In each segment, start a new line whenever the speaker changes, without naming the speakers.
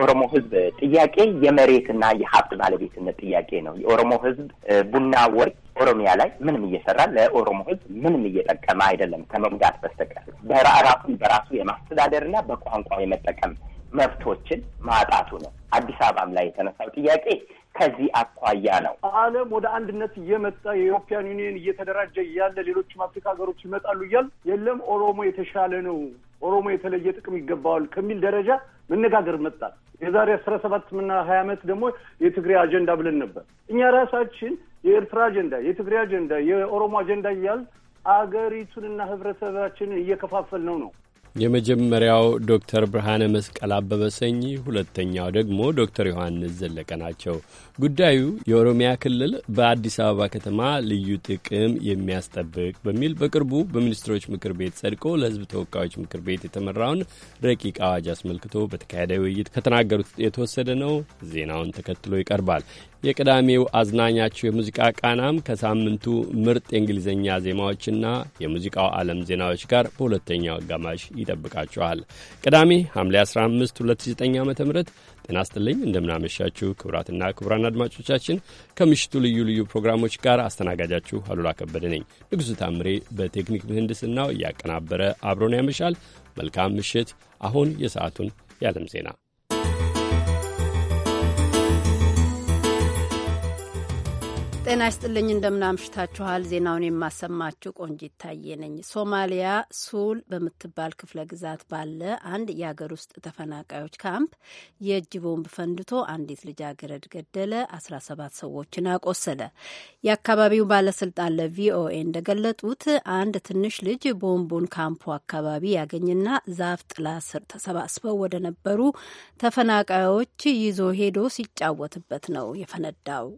የኦሮሞ ህዝብ ጥያቄ የመሬትና የሀብት ባለቤትነት ጥያቄ ነው። የኦሮሞ ህዝብ ቡና፣ ወርቅ ኦሮሚያ ላይ ምንም እየሰራ ለኦሮሞ ህዝብ ምንም እየጠቀመ አይደለም ከመጉዳት በስተቀር በራሱን በራሱ የማስተዳደርና በቋንቋ የመጠቀም መብቶችን ማጣቱ ነው። አዲስ አበባም ላይ የተነሳው ጥያቄ ከዚህ አኳያ ነው።
ዓለም ወደ አንድነት እየመጣ የኢሮፒያን ዩኒየን እየተደራጀ እያለ ሌሎችም አፍሪካ ሀገሮች ይመጣሉ እያል የለም ኦሮሞ የተሻለ ነው፣ ኦሮሞ የተለየ ጥቅም ይገባዋል ከሚል ደረጃ መነጋገር መጣል። የዛሬ አስራ ሰባት ምና ሀያ ዓመት ደግሞ የትግሬ አጀንዳ ብለን ነበር። እኛ ራሳችን የኤርትራ አጀንዳ፣ የትግሬ አጀንዳ፣ የኦሮሞ አጀንዳ እያል አገሪቱንና ህብረተሰባችንን እየከፋፈል ነው ነው
የመጀመሪያው ዶክተር ብርሃነ መስቀል አበበ ሰኚ፣ ሁለተኛው ደግሞ ዶክተር ዮሐንስ ዘለቀ ናቸው። ጉዳዩ የኦሮሚያ ክልል በአዲስ አበባ ከተማ ልዩ ጥቅም የሚያስጠብቅ በሚል በቅርቡ በሚኒስትሮች ምክር ቤት ጸድቆ ለሕዝብ ተወካዮች ምክር ቤት የተመራውን ረቂቅ አዋጅ አስመልክቶ በተካሄደ ውይይት ከተናገሩት የተወሰደ ነው። ዜናውን ተከትሎ ይቀርባል። የቅዳሜው አዝናኛችሁ የሙዚቃ ቃናም ከሳምንቱ ምርጥ የእንግሊዝኛ ዜማዎችና የሙዚቃው ዓለም ዜናዎች ጋር በሁለተኛው አጋማሽ ይጠብቃችኋል። ቅዳሜ ሐምሌ 15 2009 ዓ ም ጤና ይስጥልኝ። እንደምናመሻችሁ ክቡራትና ክቡራን አድማጮቻችን ከምሽቱ ልዩ ልዩ ፕሮግራሞች ጋር አስተናጋጃችሁ አሉላ ከበደ ነኝ። ንጉሡ ታምሬ በቴክኒክ ምህንድስናው እያቀናበረ አብሮን ያመሻል። መልካም ምሽት። አሁን የሰዓቱን የዓለም ዜና
ጤና ይስጥልኝ እንደምናምሽታችኋል። ዜናውን የማሰማችሁ ቆንጂት ታዬ ነኝ። ሶማሊያ ሱል በምትባል ክፍለ ግዛት ባለ አንድ የአገር ውስጥ ተፈናቃዮች ካምፕ የእጅ ቦምብ ፈንድቶ አንዲት ልጃገረድ ገደለ፣ 17 ሰዎችን አቆሰለ። የአካባቢው ባለስልጣን ለቪኦኤ እንደገለጡት አንድ ትንሽ ልጅ ቦምቡን ካምፑ አካባቢ ያገኝና ዛፍ ጥላ ስር ተሰባስበው ወደ ነበሩ ተፈናቃዮች ይዞ ሄዶ ሲጫወትበት ነው የፈነዳው።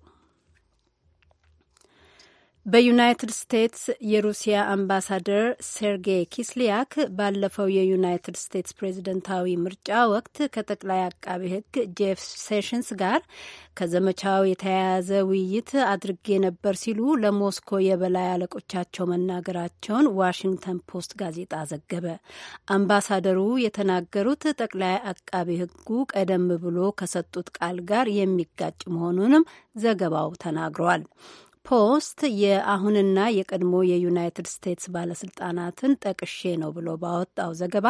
በዩናይትድ ስቴትስ የሩሲያ አምባሳደር ሴርጌይ ኪስሊያክ ባለፈው የዩናይትድ ስቴትስ ፕሬዝደንታዊ ምርጫ ወቅት ከጠቅላይ አቃቢ ሕግ ጄፍ ሴሽንስ ጋር ከዘመቻው የተያያዘ ውይይት አድርጌ ነበር ሲሉ ለሞስኮ የበላይ አለቆቻቸው መናገራቸውን ዋሽንግተን ፖስት ጋዜጣ ዘገበ። አምባሳደሩ የተናገሩት ጠቅላይ አቃቢ ሕጉ ቀደም ብሎ ከሰጡት ቃል ጋር የሚጋጭ መሆኑንም ዘገባው ተናግሯል። ፖስት የአሁንና የቀድሞ የዩናይትድ ስቴትስ ባለስልጣናትን ጠቅሼ ነው ብሎ ባወጣው ዘገባ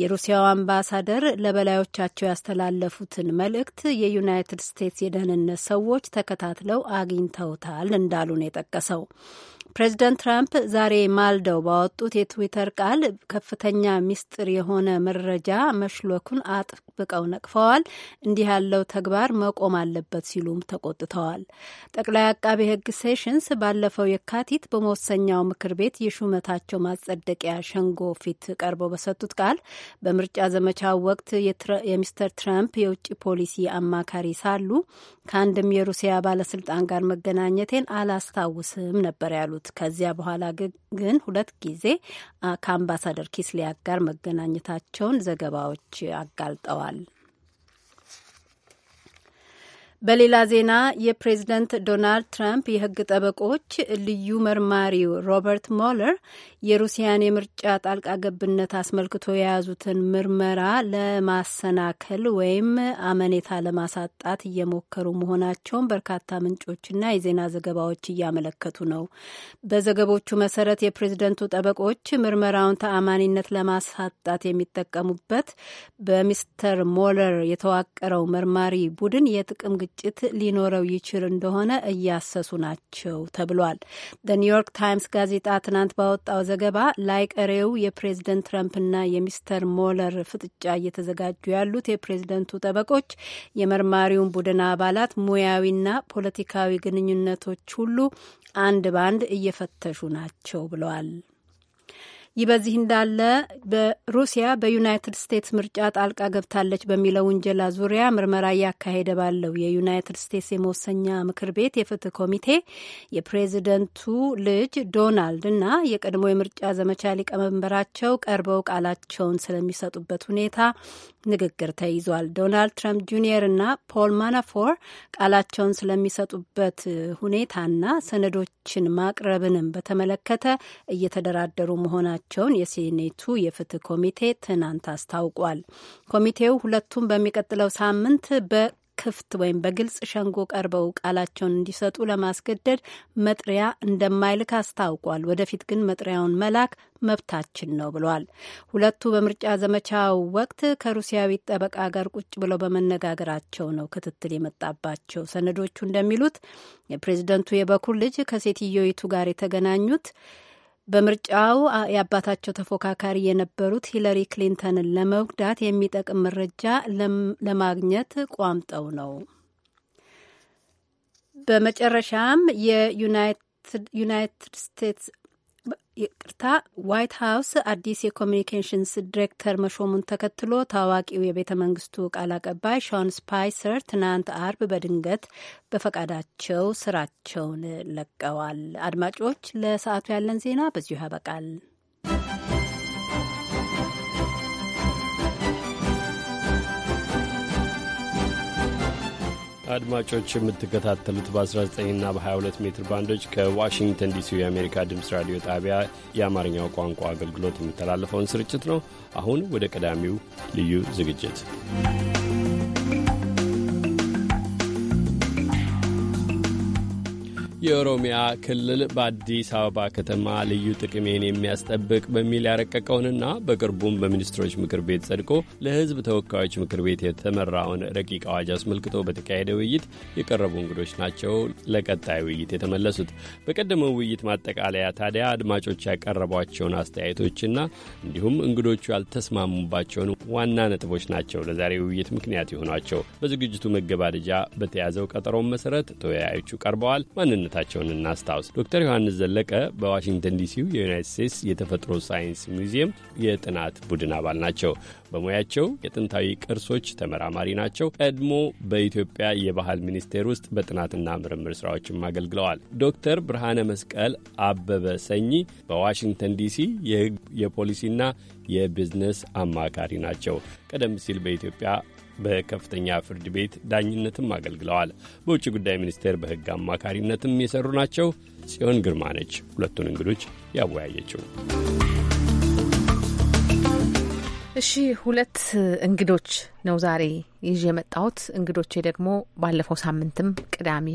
የሩሲያው አምባሳደር ለበላዮቻቸው ያስተላለፉትን መልእክት የዩናይትድ ስቴትስ የደህንነት ሰዎች ተከታትለው አግኝተውታል እንዳሉ ነው የጠቀሰው። ፕሬዚደንት ትራምፕ ዛሬ ማልደው ባወጡት የትዊተር ቃል ከፍተኛ ሚስጥር የሆነ መረጃ መሽሎኩን አጥብቀው ነቅፈዋል። እንዲህ ያለው ተግባር መቆም አለበት ሲሉም ተቆጥተዋል። ጠቅላይ አቃቤ ሕግ ሴሽንስ ባለፈው የካቲት በመወሰኛው ምክር ቤት የሹመታቸው ማጸደቂያ ሸንጎ ፊት ቀርበው በሰጡት ቃል በምርጫ ዘመቻው ወቅት የሚስተር ትራምፕ የውጭ ፖሊሲ አማካሪ ሳሉ ከአንድም የሩሲያ ባለስልጣን ጋር መገናኘቴን አላስታውስም ነበር ያሉት። ያሉት። ከዚያ በኋላ ግን ሁለት ጊዜ ከአምባሳደር ኪስሊያክ ጋር መገናኘታቸውን ዘገባዎች አጋልጠዋል። በሌላ ዜና የፕሬዝደንት ዶናልድ ትራምፕ የሕግ ጠበቆች ልዩ መርማሪው ሮበርት ሞለር የሩሲያን የምርጫ ጣልቃ ገብነት አስመልክቶ የያዙትን ምርመራ ለማሰናከል ወይም አመኔታ ለማሳጣት እየሞከሩ መሆናቸውን በርካታ ምንጮችና የዜና ዘገባዎች እያመለከቱ ነው። በዘገቦቹ መሰረት የፕሬዝደንቱ ጠበቆች ምርመራውን ተአማኒነት ለማሳጣት የሚጠቀሙበት በሚስተር ሞለር የተዋቀረው መርማሪ ቡድን የጥቅም ግጭት ሊኖረው ይችል እንደሆነ እያሰሱ ናቸው ተብሏል። ኒውዮርክ ታይምስ ጋዜጣ ትናንት ባወጣው ዘገባ ላይ ቀሬው የፕሬዝደንት ና የሚስተር ሞለር ፍጥጫ እየተዘጋጁ ያሉት የፕሬዝደንቱ ጠበቆች የመርማሪውን ቡድን አባላት ሙያዊና ፖለቲካዊ ግንኙነቶች ሁሉ አንድ በአንድ እየፈተሹ ናቸው ብለዋል። ይህ በዚህ እንዳለ በሩሲያ በዩናይትድ ስቴትስ ምርጫ ጣልቃ ገብታለች በሚለው ውንጀላ ዙሪያ ምርመራ እያካሄደ ባለው የዩናይትድ ስቴትስ የመወሰኛ ምክር ቤት የፍትህ ኮሚቴ የፕሬዚደንቱ ልጅ ዶናልድ እና የቀድሞ የምርጫ ዘመቻ ሊቀመንበራቸው ቀርበው ቃላቸውን ስለሚሰጡበት ሁኔታ ንግግር ተይዟል። ዶናልድ ትራምፕ ጁኒየር እና ፖል ማናፎር ቃላቸውን ስለሚሰጡበት ሁኔታና ሰነዶችን ማቅረብንም በተመለከተ እየተደራደሩ መሆናቸው መሆናቸውን የሴኔቱ የፍትህ ኮሚቴ ትናንት አስታውቋል። ኮሚቴው ሁለቱም በሚቀጥለው ሳምንት በ ክፍት ወይም በግልጽ ሸንጎ ቀርበው ቃላቸውን እንዲሰጡ ለማስገደድ መጥሪያ እንደማይልክ አስታውቋል። ወደፊት ግን መጥሪያውን መላክ መብታችን ነው ብሏል። ሁለቱ በምርጫ ዘመቻው ወቅት ከሩሲያዊ ጠበቃ ጋር ቁጭ ብለው በመነጋገራቸው ነው ክትትል የመጣባቸው። ሰነዶቹ እንደሚሉት የፕሬዝደንቱ የበኩር ልጅ ከሴትዮይቱ ጋር የተገናኙት በምርጫው የአባታቸው ተፎካካሪ የነበሩት ሂለሪ ክሊንተንን ለመጉዳት የሚጠቅም መረጃ ለማግኘት ቋምጠው ነው። በመጨረሻም የዩናይትድ ስቴትስ ይቅርታ ዋይት ሀውስ አዲስ የኮሚኒኬሽንስ ዲሬክተር መሾሙን ተከትሎ ታዋቂው የቤተ መንግስቱ ቃል አቀባይ ሾን ስፓይሰር ትናንት አርብ በድንገት በፈቃዳቸው ስራቸውን ለቀዋል። አድማጮች ለሰዓቱ ያለን ዜና በዚሁ ያበቃል።
አድማጮች የምትከታተሉት በ19ና በ22 ሜትር ባንዶች ከዋሽንግተን ዲሲ የአሜሪካ ድምፅ ራዲዮ ጣቢያ የአማርኛው ቋንቋ አገልግሎት የሚተላለፈውን ስርጭት ነው። አሁን ወደ ቀዳሚው ልዩ ዝግጅት የኦሮሚያ ክልል በአዲስ አበባ ከተማ ልዩ ጥቅሜን የሚያስጠብቅ በሚል ያረቀቀውንና በቅርቡም በሚኒስትሮች ምክር ቤት ጸድቆ ለሕዝብ ተወካዮች ምክር ቤት የተመራውን ረቂቅ አዋጅ አስመልክቶ በተካሄደ ውይይት የቀረቡ እንግዶች ናቸው ለቀጣይ ውይይት የተመለሱት። በቀደመው ውይይት ማጠቃለያ ታዲያ አድማጮች ያቀረቧቸውን አስተያየቶችና እንዲሁም እንግዶቹ ያልተስማሙባቸውን ዋና ነጥቦች ናቸው ለዛሬ ውይይት ምክንያት የሆኗቸው። በዝግጅቱ መገባደጃ በተያዘው ቀጠሮም መሰረት ተወያዮቹ ቀርበዋል። ማንነት ኃላፊነታቸውን እናስታውስ። ዶክተር ዮሐንስ ዘለቀ በዋሽንግተን ዲሲው የዩናይት ስቴትስ የተፈጥሮ ሳይንስ ሙዚየም የጥናት ቡድን አባል ናቸው። በሙያቸው የጥንታዊ ቅርሶች ተመራማሪ ናቸው። ቀድሞ በኢትዮጵያ የባህል ሚኒስቴር ውስጥ በጥናትና ምርምር ስራዎችም አገልግለዋል። ዶክተር ብርሃነ መስቀል አበበ ሰኚ በዋሽንግተን ዲሲ የህግ የፖሊሲና የቢዝነስ አማካሪ ናቸው። ቀደም ሲል በኢትዮጵያ በከፍተኛ ፍርድ ቤት ዳኝነትም አገልግለዋል። በውጭ ጉዳይ ሚኒስቴር በሕግ አማካሪነትም የሰሩ ናቸው። ጽዮን ግርማ ነች ሁለቱን እንግዶች ያወያየችው።
እሺ ሁለት እንግዶች ነው ዛሬ ይዤ የመጣሁት። እንግዶቼ ደግሞ ባለፈው ሳምንትም ቅዳሜ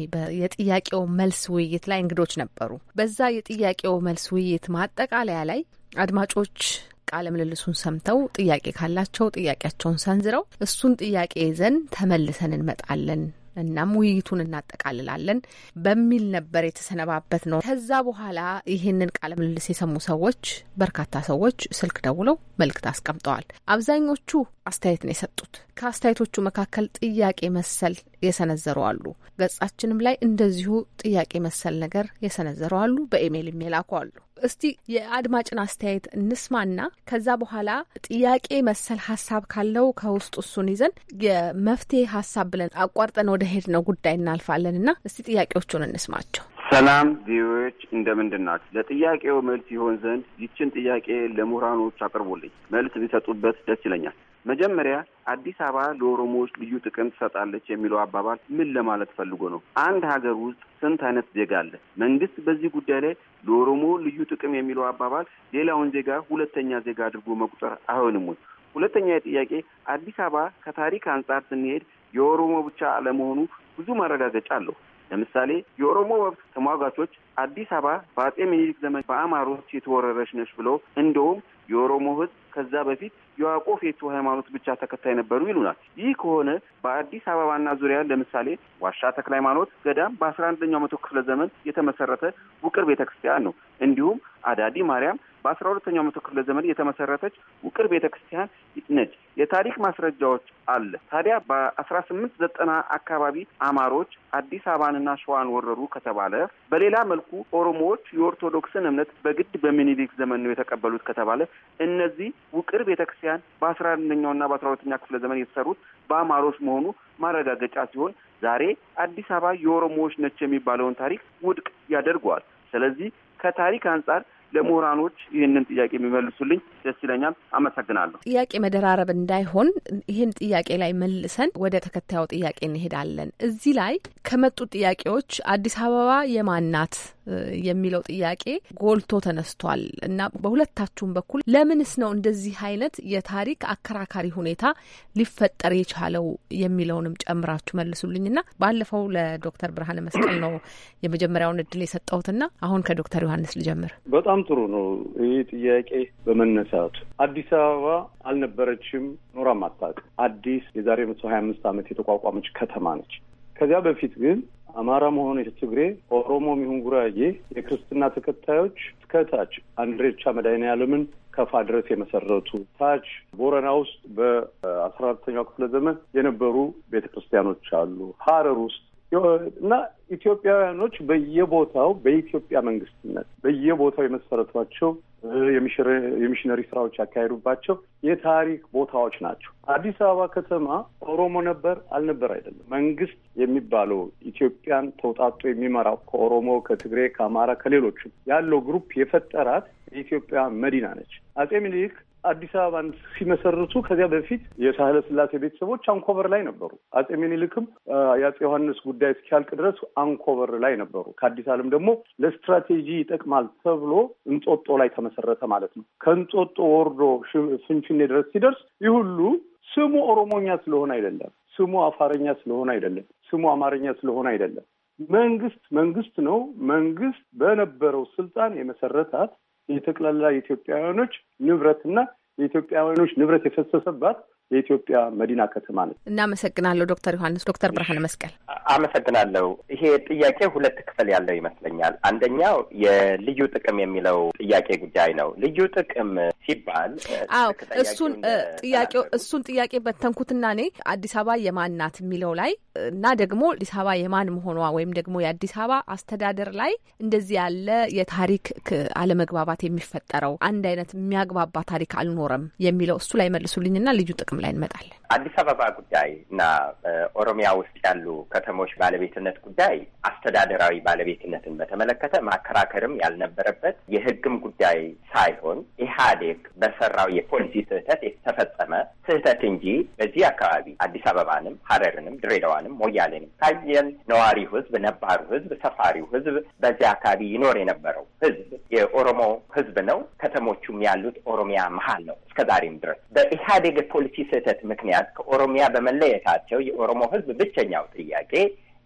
የጥያቄው መልስ ውይይት ላይ እንግዶች ነበሩ። በዛ የጥያቄው መልስ ውይይት ማጠቃለያ ላይ አድማጮች ቃለ ምልልሱን ሰምተው ጥያቄ ካላቸው ጥያቄያቸውን ሰንዝረው እሱን ጥያቄ ይዘን ተመልሰን እንመጣለን እናም ውይይቱን እናጠቃልላለን በሚል ነበር የተሰነባበት ነው። ከዛ በኋላ ይህንን ቃለ ምልልስ የሰሙ ሰዎች በርካታ ሰዎች ስልክ ደውለው መልእክት አስቀምጠዋል። አብዛኞቹ አስተያየት ነው የሰጡት። ከአስተያየቶቹ መካከል ጥያቄ መሰል የሰነዘሩ አሉ። ገጻችንም ላይ እንደዚሁ ጥያቄ መሰል ነገር የሰነዘሩ አሉ። በኢሜይል የሚላኩ አሉ። እስቲ የአድማጭን አስተያየት እንስማና ከዛ በኋላ ጥያቄ መሰል ሀሳብ ካለው ከውስጥ እሱን ይዘን የመፍትሄ ሀሳብ ብለን አቋርጠን ወደ ሄድ ነው ጉዳይ እናልፋለን እና እስቲ ጥያቄዎቹን እንስማቸው።
ሰላም ቪዎች እንደምንድን ናት ለጥያቄው መልስ ይሆን ዘንድ ይችን ጥያቄ ለምሁራኖች አቅርቦልኝ መልስ ቢሰጡበት ደስ ይለኛል። መጀመሪያ አዲስ አበባ ለኦሮሞዎች ልዩ ጥቅም ትሰጣለች የሚለው አባባል ምን ለማለት ፈልጎ ነው? አንድ ሀገር ውስጥ ስንት አይነት ዜጋ አለ? መንግስት በዚህ ጉዳይ ላይ ለኦሮሞ ልዩ ጥቅም የሚለው አባባል ሌላውን ዜጋ ሁለተኛ ዜጋ አድርጎ መቁጠር አይሆንም ወይ? ሁለተኛ ጥያቄ አዲስ አበባ ከታሪክ አንጻር ስንሄድ የኦሮሞ ብቻ አለመሆኑ ብዙ ማረጋገጫ አለው። ለምሳሌ የኦሮሞ መብት ተሟጋቾች አዲስ አበባ በአጼ ምኒልክ ዘመን በአማሮች የተወረረች ነች ብለው እንደውም የኦሮሞ ህዝብ ከዛ በፊት የዋቆ የቱ ሃይማኖት ብቻ ተከታይ ነበሩ ይሉናል። ይህ ከሆነ በአዲስ አበባና ዙሪያ ለምሳሌ ዋሻ ተክለ ሃይማኖት ገዳም በአስራ አንደኛው መቶ ክፍለ ዘመን የተመሰረተ ውቅር ቤተ ክርስቲያን ነው። እንዲሁም አዳዲ ማርያም በአስራ ሁለተኛው መቶ ክፍለ ዘመን የተመሰረተች ውቅር ቤተ ክርስቲያን ነች። የታሪክ ማስረጃዎች አለ። ታዲያ በአስራ ስምንት ዘጠና አካባቢ አማሮች አዲስ አበባንና ሸዋን ወረሩ ከተባለ፣ በሌላ መልኩ ኦሮሞዎች የኦርቶዶክስን እምነት በግድ በሚኒሊክ ዘመን ነው የተቀበሉት ከተባለ እነዚህ ውቅር ቤተክርስቲያን ክርስቲያን በአስራ አንደኛውና በአስራ ሁለተኛ ክፍለ ዘመን የተሰሩት በአማሮች መሆኑ ማረጋገጫ ሲሆን ዛሬ አዲስ አበባ የኦሮሞዎች ነች የሚባለውን ታሪክ ውድቅ ያደርገዋል። ስለዚህ ከታሪክ አንጻር ለምሁራኖች ይህንን ጥያቄ የሚመልሱልኝ ደስ ይለኛል። አመሰግናለሁ።
ጥያቄ መደራረብ እንዳይሆን ይህን ጥያቄ ላይ መልሰን ወደ ተከታዩ ጥያቄ እንሄዳለን። እዚህ ላይ ከመጡ ጥያቄዎች አዲስ አበባ የማን ናት የሚለው ጥያቄ ጎልቶ ተነስቷል እና በሁለታችሁም በኩል ለምንስ ነው እንደዚህ አይነት የታሪክ አከራካሪ ሁኔታ ሊፈጠር የቻለው የሚለውንም ጨምራችሁ መልሱልኝ ና ባለፈው ለዶክተር ብርሃነ መስቀል ነው የመጀመሪያውን እድል የሰጠሁትና አሁን ከዶክተር ዮሐንስ ልጀምር።
በጣም ጥሩ ነው ይህ ጥያቄ በመነሳቱ። አዲስ አበባ አልነበረችም፣ ኖራም አታውቅም። አዲስ የዛሬ መቶ ሀያ አምስት ዓመት የተቋቋመች ከተማ ነች። ከዚያ በፊት ግን አማራ ሆነ ትግሬ፣ ኦሮሞ ይሁን ጉራጌ የክርስትና ተከታዮች እስከ ታች አንድሬቻ መድኃኔዓለምን ከፋ ድረስ የመሰረቱ ታች ቦረና ውስጥ በአስራ አራተኛው ክፍለ ዘመን የነበሩ ቤተ ክርስቲያኖች አሉ። ሀረር ውስጥ እና ኢትዮጵያውያኖች በየቦታው በኢትዮጵያ መንግስትነት በየቦታው የመሰረቷቸው የሚሽነሪ ስራዎች ያካሄዱባቸው የታሪክ ቦታዎች ናቸው። አዲስ አበባ ከተማ ኦሮሞ ነበር አልነበር አይደለም። መንግስት የሚባለው ኢትዮጵያን ተውጣጦ የሚመራው ከኦሮሞ፣ ከትግሬ፣ ከአማራ፣ ከሌሎችም ያለው ግሩፕ የፈጠራት የኢትዮጵያ መዲና ነች። አጼ ምኒልክ አዲስ አበባን ሲመሰርቱ ከዚያ በፊት የሳህለ ስላሴ ቤተሰቦች አንኮበር ላይ ነበሩ። አጼ ሚኒልክም የአጼ ዮሐንስ ጉዳይ እስኪያልቅ ድረስ አንኮበር ላይ ነበሩ። ከአዲስ ዓለም ደግሞ ለስትራቴጂ ይጠቅማል ተብሎ እንጦጦ ላይ ተመሰረተ ማለት ነው። ከእንጦጦ ወርዶ ፍንፍኔ ድረስ ሲደርስ ይህ ሁሉ ስሙ ኦሮሞኛ ስለሆነ አይደለም። ስሙ አፋረኛ ስለሆነ አይደለም። ስሙ አማርኛ ስለሆነ አይደለም። መንግስት መንግስት ነው። መንግስት በነበረው ስልጣን የመሰረታት የጠቅላላ ኢትዮጵያውያኖች ንብረትና የኢትዮጵያውያኖች
ንብረት የፈሰሰባት የኢትዮጵያ መዲና ከተማ ነች።
እናመሰግናለሁ ዶክተር ዮሐንስ። ዶክተር ብርሃነ መስቀል
አመሰግናለሁ። ይሄ ጥያቄ ሁለት ክፍል ያለው ይመስለኛል። አንደኛው የልዩ ጥቅም የሚለው ጥያቄ ጉዳይ ነው። ልዩ ጥቅም ሲባል አዎ፣
እሱን ጥያቄ እሱን ጥያቄ በተንኩትና እኔ አዲስ አበባ የማን ናት የሚለው ላይ እና ደግሞ አዲስ አበባ የማን መሆኗ ወይም ደግሞ የአዲስ አበባ አስተዳደር ላይ እንደዚህ ያለ የታሪክ አለመግባባት የሚፈጠረው አንድ አይነት የሚያግባባ ታሪክ አልኖረም የሚለው እሱ ላይ መልሱልኝና ልዩ ጥቅም ጥቅም ላይ እንመጣለን።
አዲስ አበባ ጉዳይ እና ኦሮሚያ ውስጥ ያሉ ከተሞች ባለቤትነት ጉዳይ አስተዳደራዊ ባለቤትነትን በተመለከተ ማከራከርም ያልነበረበት የሕግም ጉዳይ ሳይሆን ኢህአዴግ በሰራው የፖሊሲ ስህተት የተፈጸመ ስህተት እንጂ በዚህ አካባቢ አዲስ አበባንም፣ ሀረርንም ድሬዳዋንም ሞያሌንም ካየን ነዋሪው ሕዝብ፣ ነባሩ ሕዝብ፣ ሰፋሪው ሕዝብ በዚህ አካባቢ ይኖር የነበረው ሕዝብ የኦሮሞ ሕዝብ ነው። ከተሞቹም ያሉት ኦሮሚያ መሀል ነው እስከዛሬም ድረስ በኢህአዴግ የፖሊሲ ስህተት ምክንያት ከኦሮሚያ በመለየታቸው የኦሮሞ ህዝብ ብቸኛው ጥያቄ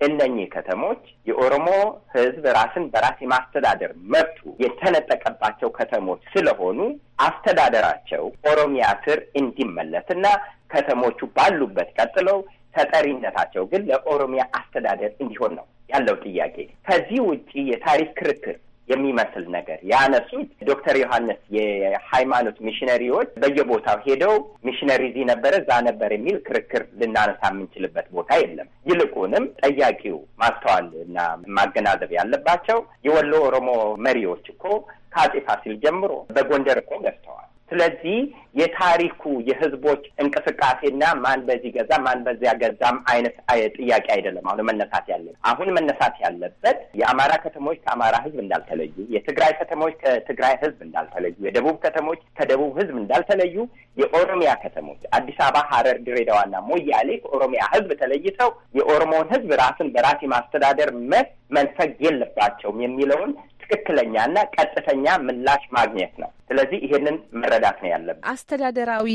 እነኚህ ከተሞች የኦሮሞ ህዝብ ራስን በራስ የማስተዳደር መብቱ የተነጠቀባቸው ከተሞች ስለሆኑ አስተዳደራቸው ኦሮሚያ ስር እንዲመለስና ከተሞቹ ባሉበት ቀጥለው ተጠሪነታቸው ግን ለኦሮሚያ አስተዳደር እንዲሆን ነው ያለው ጥያቄ። ከዚህ ውጪ የታሪክ ክርክር የሚመስል ነገር ያነሱት ዶክተር ዮሐንስ የሃይማኖት ሚሽነሪዎች በየቦታው ሄደው ሚሽነሪ እዚህ ነበረ እዛ ነበር የሚል ክርክር ልናነሳ የምንችልበት ቦታ የለም። ይልቁንም ጠያቂው ማስተዋል እና ማገናዘብ ያለባቸው የወሎ ኦሮሞ መሪዎች እኮ ከአጼ ፋሲል ጀምሮ በጎንደር እኮ ገዝተዋል። ስለዚህ የታሪኩ የህዝቦች እንቅስቃሴና ማን በዚህ ገዛ ማን በዚያ ገዛም አይነት ጥያቄ አይደለም። አሁን መነሳት ያለ አሁን መነሳት ያለበት የአማራ ከተሞች ከአማራ ህዝብ እንዳልተለዩ፣ የትግራይ ከተሞች ከትግራይ ህዝብ እንዳልተለዩ፣ የደቡብ ከተሞች ከደቡብ ህዝብ እንዳልተለዩ፣ የኦሮሚያ ከተሞች አዲስ አበባ፣ ሐረር፣ ድሬዳዋና ሞያሌ ከኦሮሚያ ህዝብ ተለይተው የኦሮሞውን ህዝብ ራስን በራስ የማስተዳደር መብት መንፈግ የለባቸውም የሚለውን ትክክለኛና ቀጥተኛ ምላሽ ማግኘት ነው። ስለዚህ ይሄንን መረዳት ነው ያለብን።
አስተዳደራዊ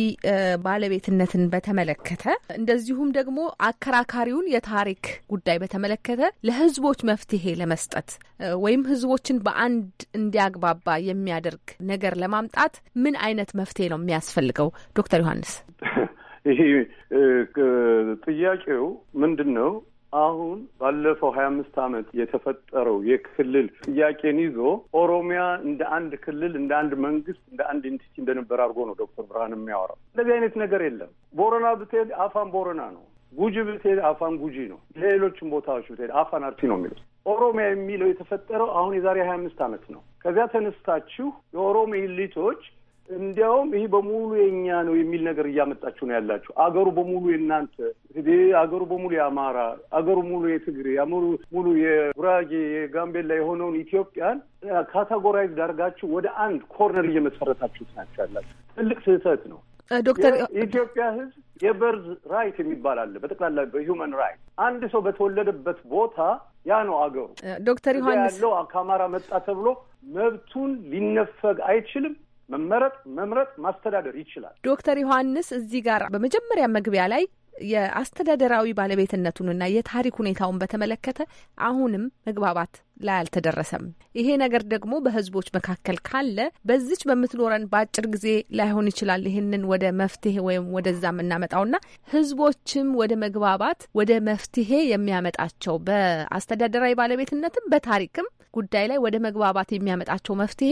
ባለቤትነትን በተመለከተ እንደዚሁም ደግሞ አከራካሪውን የታሪክ ጉዳይ በተመለከተ ለህዝቦች መፍትሄ ለመስጠት ወይም ህዝቦችን በአንድ እንዲያግባባ የሚያደርግ ነገር ለማምጣት ምን አይነት መፍትሄ ነው የሚያስፈልገው? ዶክተር ዮሐንስ
ይሄ ጥያቄው ምንድን ነው? አሁን ባለፈው ሀያ አምስት ዓመት የተፈጠረው የክልል ጥያቄን ይዞ ኦሮሚያ እንደ አንድ ክልል እንደ አንድ መንግስት እንደ አንድ ኢንቲቲ እንደነበር አድርጎ ነው ዶክተር ብርሃን የሚያወራው። እንደዚህ አይነት ነገር የለም። ቦረና ብትሄድ አፋን ቦረና ነው፣ ጉጂ ብትሄድ አፋን ጉጂ ነው፣ ሌሎችም ቦታዎች ብትሄድ አፋን አርሲ ነው የሚሉት። ኦሮሚያ የሚለው የተፈጠረው አሁን የዛሬ ሀያ አምስት ዓመት ነው። ከዚያ ተነስታችሁ የኦሮሚያ ኢሊቶች እንዲያውም ይህ በሙሉ የእኛ ነው የሚል ነገር እያመጣችሁ ነው ያላችሁ። አገሩ በሙሉ የእናንተ፣ አገሩ በሙሉ የአማራ፣ አገሩ ሙሉ የትግሬ፣ አገሩ ሙሉ የጉራጌ፣ የጋምቤላ የሆነውን ኢትዮጵያን ካታጎራይዝ ዳርጋችሁ ወደ አንድ ኮርነር እየመሰረታችሁ ናቸው ያላችሁ። ትልቅ ስህተት ነው። ዶክተር የኢትዮጵያ ሕዝብ የበርዝ ራይት የሚባል አለ። በጠቅላላ በሂውማን ራይት አንድ ሰው በተወለደበት ቦታ ያ ነው አገሩ።
ዶክተር ዮሐንስ ያለው
ከአማራ መጣ ተብሎ መብቱን ሊነፈግ አይችልም። መመረጥ፣ መምረጥ፣ ማስተዳደር ይችላል።
ዶክተር ዮሐንስ እዚህ ጋር በመጀመሪያ መግቢያ ላይ የአስተዳደራዊ ባለቤትነቱንና የታሪክ ሁኔታውን በተመለከተ አሁንም መግባባት ላይ አልተደረሰም። ይሄ ነገር ደግሞ በህዝቦች መካከል ካለ በዚች በምትኖረን በአጭር ጊዜ ላይሆን ይችላል። ይህንን ወደ መፍትሄ ወይም ወደዛ የምናመጣውና ህዝቦችም ወደ መግባባት ወደ መፍትሄ የሚያመጣቸው በአስተዳደራዊ ባለቤትነትም በታሪክም ጉዳይ ላይ ወደ መግባባት የሚያመጣቸው መፍትሄ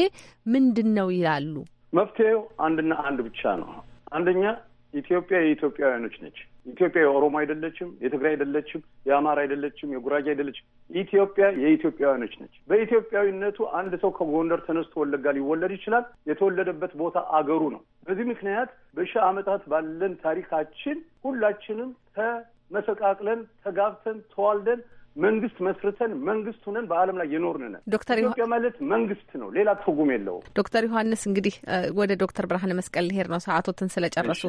ምንድን ነው ይላሉ?
መፍትሄው አንድና አንድ ብቻ ነው። አንደኛ ኢትዮጵያ የኢትዮጵያውያኖች ነች። ኢትዮጵያ የኦሮሞ አይደለችም፣ የትግራይ አይደለችም፣ የአማራ አይደለችም፣ የጉራጌ አይደለችም። ኢትዮጵያ የኢትዮጵያውያኖች ነች። በኢትዮጵያዊነቱ አንድ ሰው ከጎንደር ተነስቶ ወለጋ ሊወለድ ይችላል። የተወለደበት ቦታ አገሩ ነው። በዚህ ምክንያት በሺህ ዓመታት ባለን ታሪካችን ሁላችንም ተመሰቃቅለን ተጋብተን ተዋልደን መንግስት መስርተን መንግስት ሁነን በዓለም ላይ የኖርን ነን። ዶክተር ኢትዮጵያ ማለት መንግስት ነው፣ ሌላ ትርጉም የለውም።
ዶክተር ዮሐንስ እንግዲህ ወደ ዶክተር ብርሃነ መስቀል ልሄድ ነው፣ ሰዓቶትን ስለጨረሱ።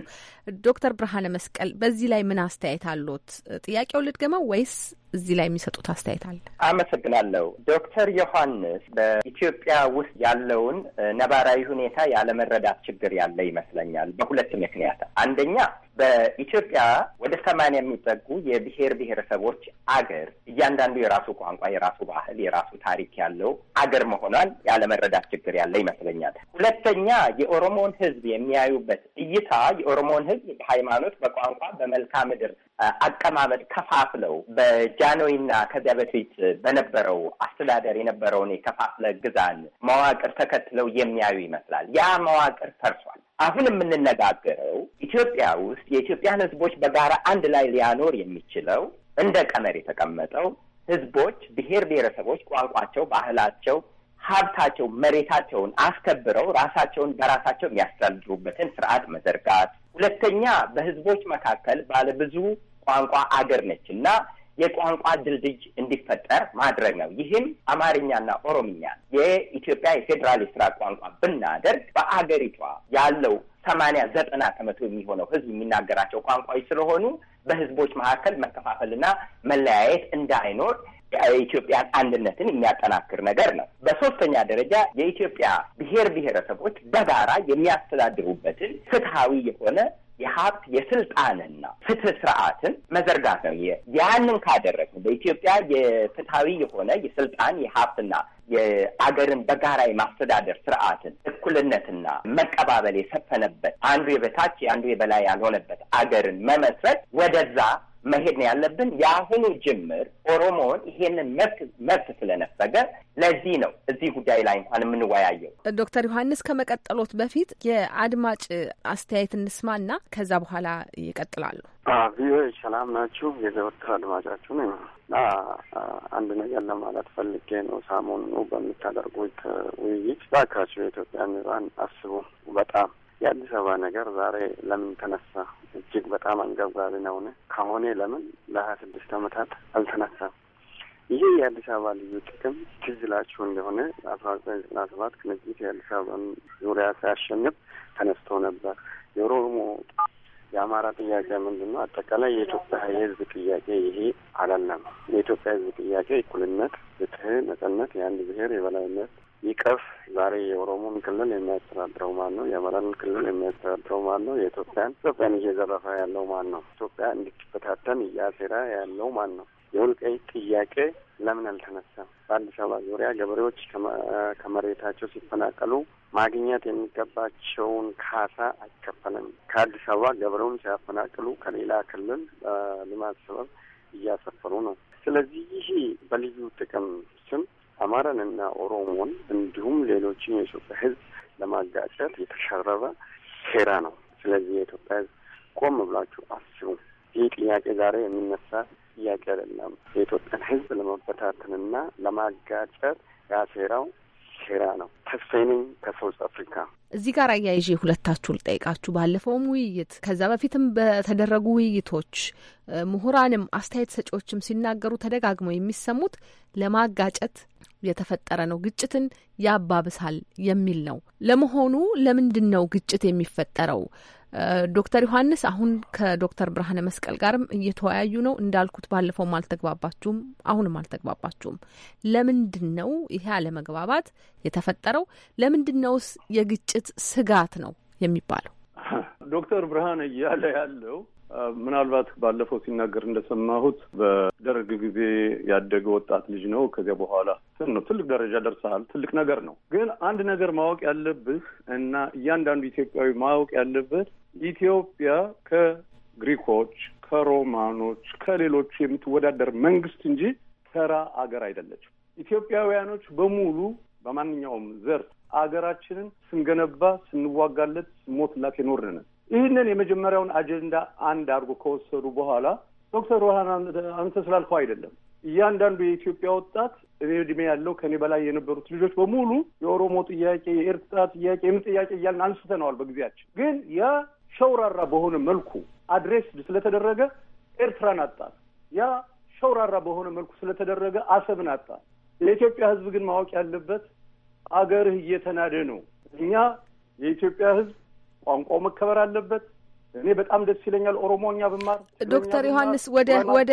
ዶክተር ብርሃነ መስቀል በዚህ ላይ ምን አስተያየት አሎት? ጥያቄው ልድገመው ወይስ እዚህ ላይ የሚሰጡት አስተያየት አለ?
አመሰግናለሁ። ዶክተር ዮሐንስ በኢትዮጵያ ውስጥ ያለውን ነባራዊ ሁኔታ ያለመረዳት ችግር ያለ ይመስለኛል በሁለት ምክንያት አንደኛ በኢትዮጵያ ወደ ሰማንያ የሚጠጉ የብሔር ብሔረሰቦች አገር እያንዳንዱ የራሱ ቋንቋ፣ የራሱ ባህል፣ የራሱ ታሪክ ያለው አገር መሆኗን ያለመረዳት ችግር ያለ ይመስለኛል። ሁለተኛ የኦሮሞን ሕዝብ የሚያዩበት እይታ የኦሮሞን ሕዝብ በሃይማኖት፣ በቋንቋ፣ በመልክዓ ምድር አቀማመጥ ከፋፍለው በጃኖይና ከዚያ በፊት በነበረው አስተዳደር የነበረውን የከፋፍለ ግዛን መዋቅር ተከትለው የሚያዩ ይመስላል። ያ መዋቅር ፈርሷል። አሁን የምንነጋገረው ኢትዮጵያ ውስጥ የኢትዮጵያን ህዝቦች በጋራ አንድ ላይ ሊያኖር የሚችለው እንደ ቀመር የተቀመጠው ህዝቦች ብሔር ብሔረሰቦች ቋንቋቸው፣ ባህላቸው፣ ሀብታቸው፣ መሬታቸውን አስከብረው ራሳቸውን በራሳቸው የሚያስተዳድሩበትን ስርዓት መዘርጋት፣ ሁለተኛ በህዝቦች መካከል ባለብዙ ቋንቋ አገር ነች እና የቋንቋ ድልድይ እንዲፈጠር ማድረግ ነው። ይህም አማርኛና ኦሮምኛ የኢትዮጵያ የፌዴራል የስራ ቋንቋ ብናደርግ በአገሪቷ ያለው ሰማንያ ዘጠና ከመቶ የሚሆነው ህዝብ የሚናገራቸው ቋንቋዎች ስለሆኑ በህዝቦች መካከል መከፋፈልና መለያየት እንዳይኖር የኢትዮጵያን አንድነትን የሚያጠናክር ነገር ነው። በሶስተኛ ደረጃ የኢትዮጵያ ብሔር ብሔረሰቦች በጋራ የሚያስተዳድሩበትን ፍትሐዊ የሆነ የሀብት የስልጣንና ፍትህ ስርዓትን መዘርጋት ነው። ያንን ካደረግን በኢትዮጵያ የፍትሐዊ የሆነ የስልጣን የሀብትና የአገርን በጋራ የማስተዳደር ስርዓትን እኩልነትና መቀባበል የሰፈነበት አንዱ የበታች አንዱ የበላይ ያልሆነበት አገርን መመስረት ወደዛ መሄድ ነው ያለብን። የአሁኑ ጅምር ኦሮሞውን ይሄንን መብት መብት ስለነፈገ ለዚህ ነው እዚህ ጉዳይ ላይ እንኳን የምንወያየው።
ዶክተር ዮሐንስ ከመቀጠሎት በፊት የአድማጭ አስተያየት እንስማ እንስማና ከዛ በኋላ ይቀጥላሉ።
ቪኦኤ ሰላም ናችሁ? የዘወትር አድማጫችሁ ነው አንድ ነገር ለማለት ፈልጌ ነው። ሳሙኑ በምታደርጉት ውይይት እባካችሁ የኢትዮጵያ ሚዛን አስቡ። በጣም የአዲስ አበባ ነገር ዛሬ ለምን ተነሳ? እጅግ በጣም አንገብጋቢ ነው። ከሆነ ለምን ለሀያ ስድስት አመታት አልተነሳም? ይህ የአዲስ አበባ ልዩ ጥቅም ትዝ እንደሆነ አስራ ዘጠኝ ዘጠና ሰባት ቅንጅት የአዲስ አበባን ዙሪያ ሲያሸንፍ ተነስቶ ነበር። የኦሮሞ የአማራ ጥያቄ ምንድን ነው? አጠቃላይ የኢትዮጵያ የህዝብ ጥያቄ ይሄ አላለም። የኢትዮጵያ ህዝብ ጥያቄ እኩልነት፣ ፍትህ፣ ነጻነት፣ የአንድ ብሔር የበላይነት ይቀፍ ዛሬ የኦሮሞን ክልል የሚያስተዳድረው ማን ነው? የአማራን ክልል የሚያስተዳድረው ማን ነው? የኢትዮጵያን ኢትዮጵያን እየዘረፈ ያለው ማን ነው? ኢትዮጵያ እንድትበታተን እያሴራ ያለው ማን ነው? የወልቃይት ጥያቄ ለምን አልተነሳም? በአዲስ አበባ ዙሪያ ገበሬዎች ከመሬታቸው ሲፈናቀሉ ማግኘት የሚገባቸውን ካሳ አይከፈልም። ከአዲስ አበባ ገበሬውን ሲያፈናቅሉ ከሌላ ክልል በልማት ሰበብ እያሰፈሩ ነው። ስለዚህ ይህ በልዩ ጥቅም ስም አማራን እና ኦሮሞን እንዲሁም ሌሎችን የኢትዮጵያ ህዝብ ለማጋጨት የተሸረበ ሴራ ነው። ስለዚህ የኢትዮጵያ ህዝብ ቆም ብላችሁ አስቡ። ይህ ጥያቄ ዛሬ የሚነሳ ጥያቄ አይደለም። የኢትዮጵያን ህዝብ ለመበታተንና ለማጋጨት ያሴራው ሼራ ነው። ተስፋዬ ነኝ ከሳውዝ አፍሪካ።
እዚህ ጋር አያይዤ ሁለታችሁ ልጠይቃችሁ። ባለፈውም ውይይት ከዛ በፊትም በተደረጉ ውይይቶች ምሁራንም አስተያየት ሰጪዎችም ሲናገሩ ተደጋግመው የሚሰሙት ለማጋጨት የተፈጠረ ነው፣ ግጭትን ያባብሳል የሚል ነው። ለመሆኑ ለምንድን ነው ግጭት የሚፈጠረው? ዶክተር ዮሐንስ አሁን ከዶክተር ብርሃነ መስቀል ጋርም እየተወያዩ ነው። እንዳልኩት ባለፈውም አልተግባባችሁም፣ አሁንም አልተግባባችሁም። ለምንድን ነው ይሄ አለመግባባት የተፈጠረው? ለምንድን ነውስ የግጭት ስጋት ነው የሚባለው?
ዶክተር ብርሃነ እያለ ያለው ምናልባት ባለፈው ሲናገር እንደሰማሁት በደርግ ጊዜ ያደገ ወጣት ልጅ ነው። ከዚያ በኋላ ትልቅ ደረጃ ደርሰሃል። ትልቅ ነገር ነው። ግን አንድ ነገር ማወቅ ያለብህ እና እያንዳንዱ ኢትዮጵያዊ ማወቅ ያለበት ኢትዮጵያ ከግሪኮች፣ ከሮማኖች፣ ከሌሎች የምትወዳደር መንግስት እንጂ ተራ አገር አይደለችም። ኢትዮጵያውያኖች በሙሉ በማንኛውም ዘርፍ አገራችንን ስንገነባ ስንዋጋለት ስንሞትላት የኖርንን ይህንን የመጀመሪያውን አጀንዳ አንድ አድርጎ ከወሰዱ በኋላ ዶክተር ሮሃን አንተ ስላልከው አይደለም እያንዳንዱ የኢትዮጵያ ወጣት እኔ እድሜ ያለው ከኔ በላይ የነበሩት ልጆች በሙሉ የኦሮሞ ጥያቄ፣ የኤርትራ ጥያቄ፣ የምን ጥያቄ እያልን አንስተነዋል። በጊዜያችን ግን ያ ሸውራራ በሆነ መልኩ አድሬስ ስለተደረገ ኤርትራን አጣን። ያ ሸውራራ በሆነ መልኩ ስለተደረገ አሰብን አጣን። የኢትዮጵያ ሕዝብ ግን ማወቅ ያለበት አገርህ እየተናደ ነው። እኛ የኢትዮጵያ ሕዝብ ቋንቋው መከበር አለበት። እኔ በጣም ደስ ይለኛል ኦሮሞኛ ብማር። ዶክተር ዮሐንስ ወደ ወደ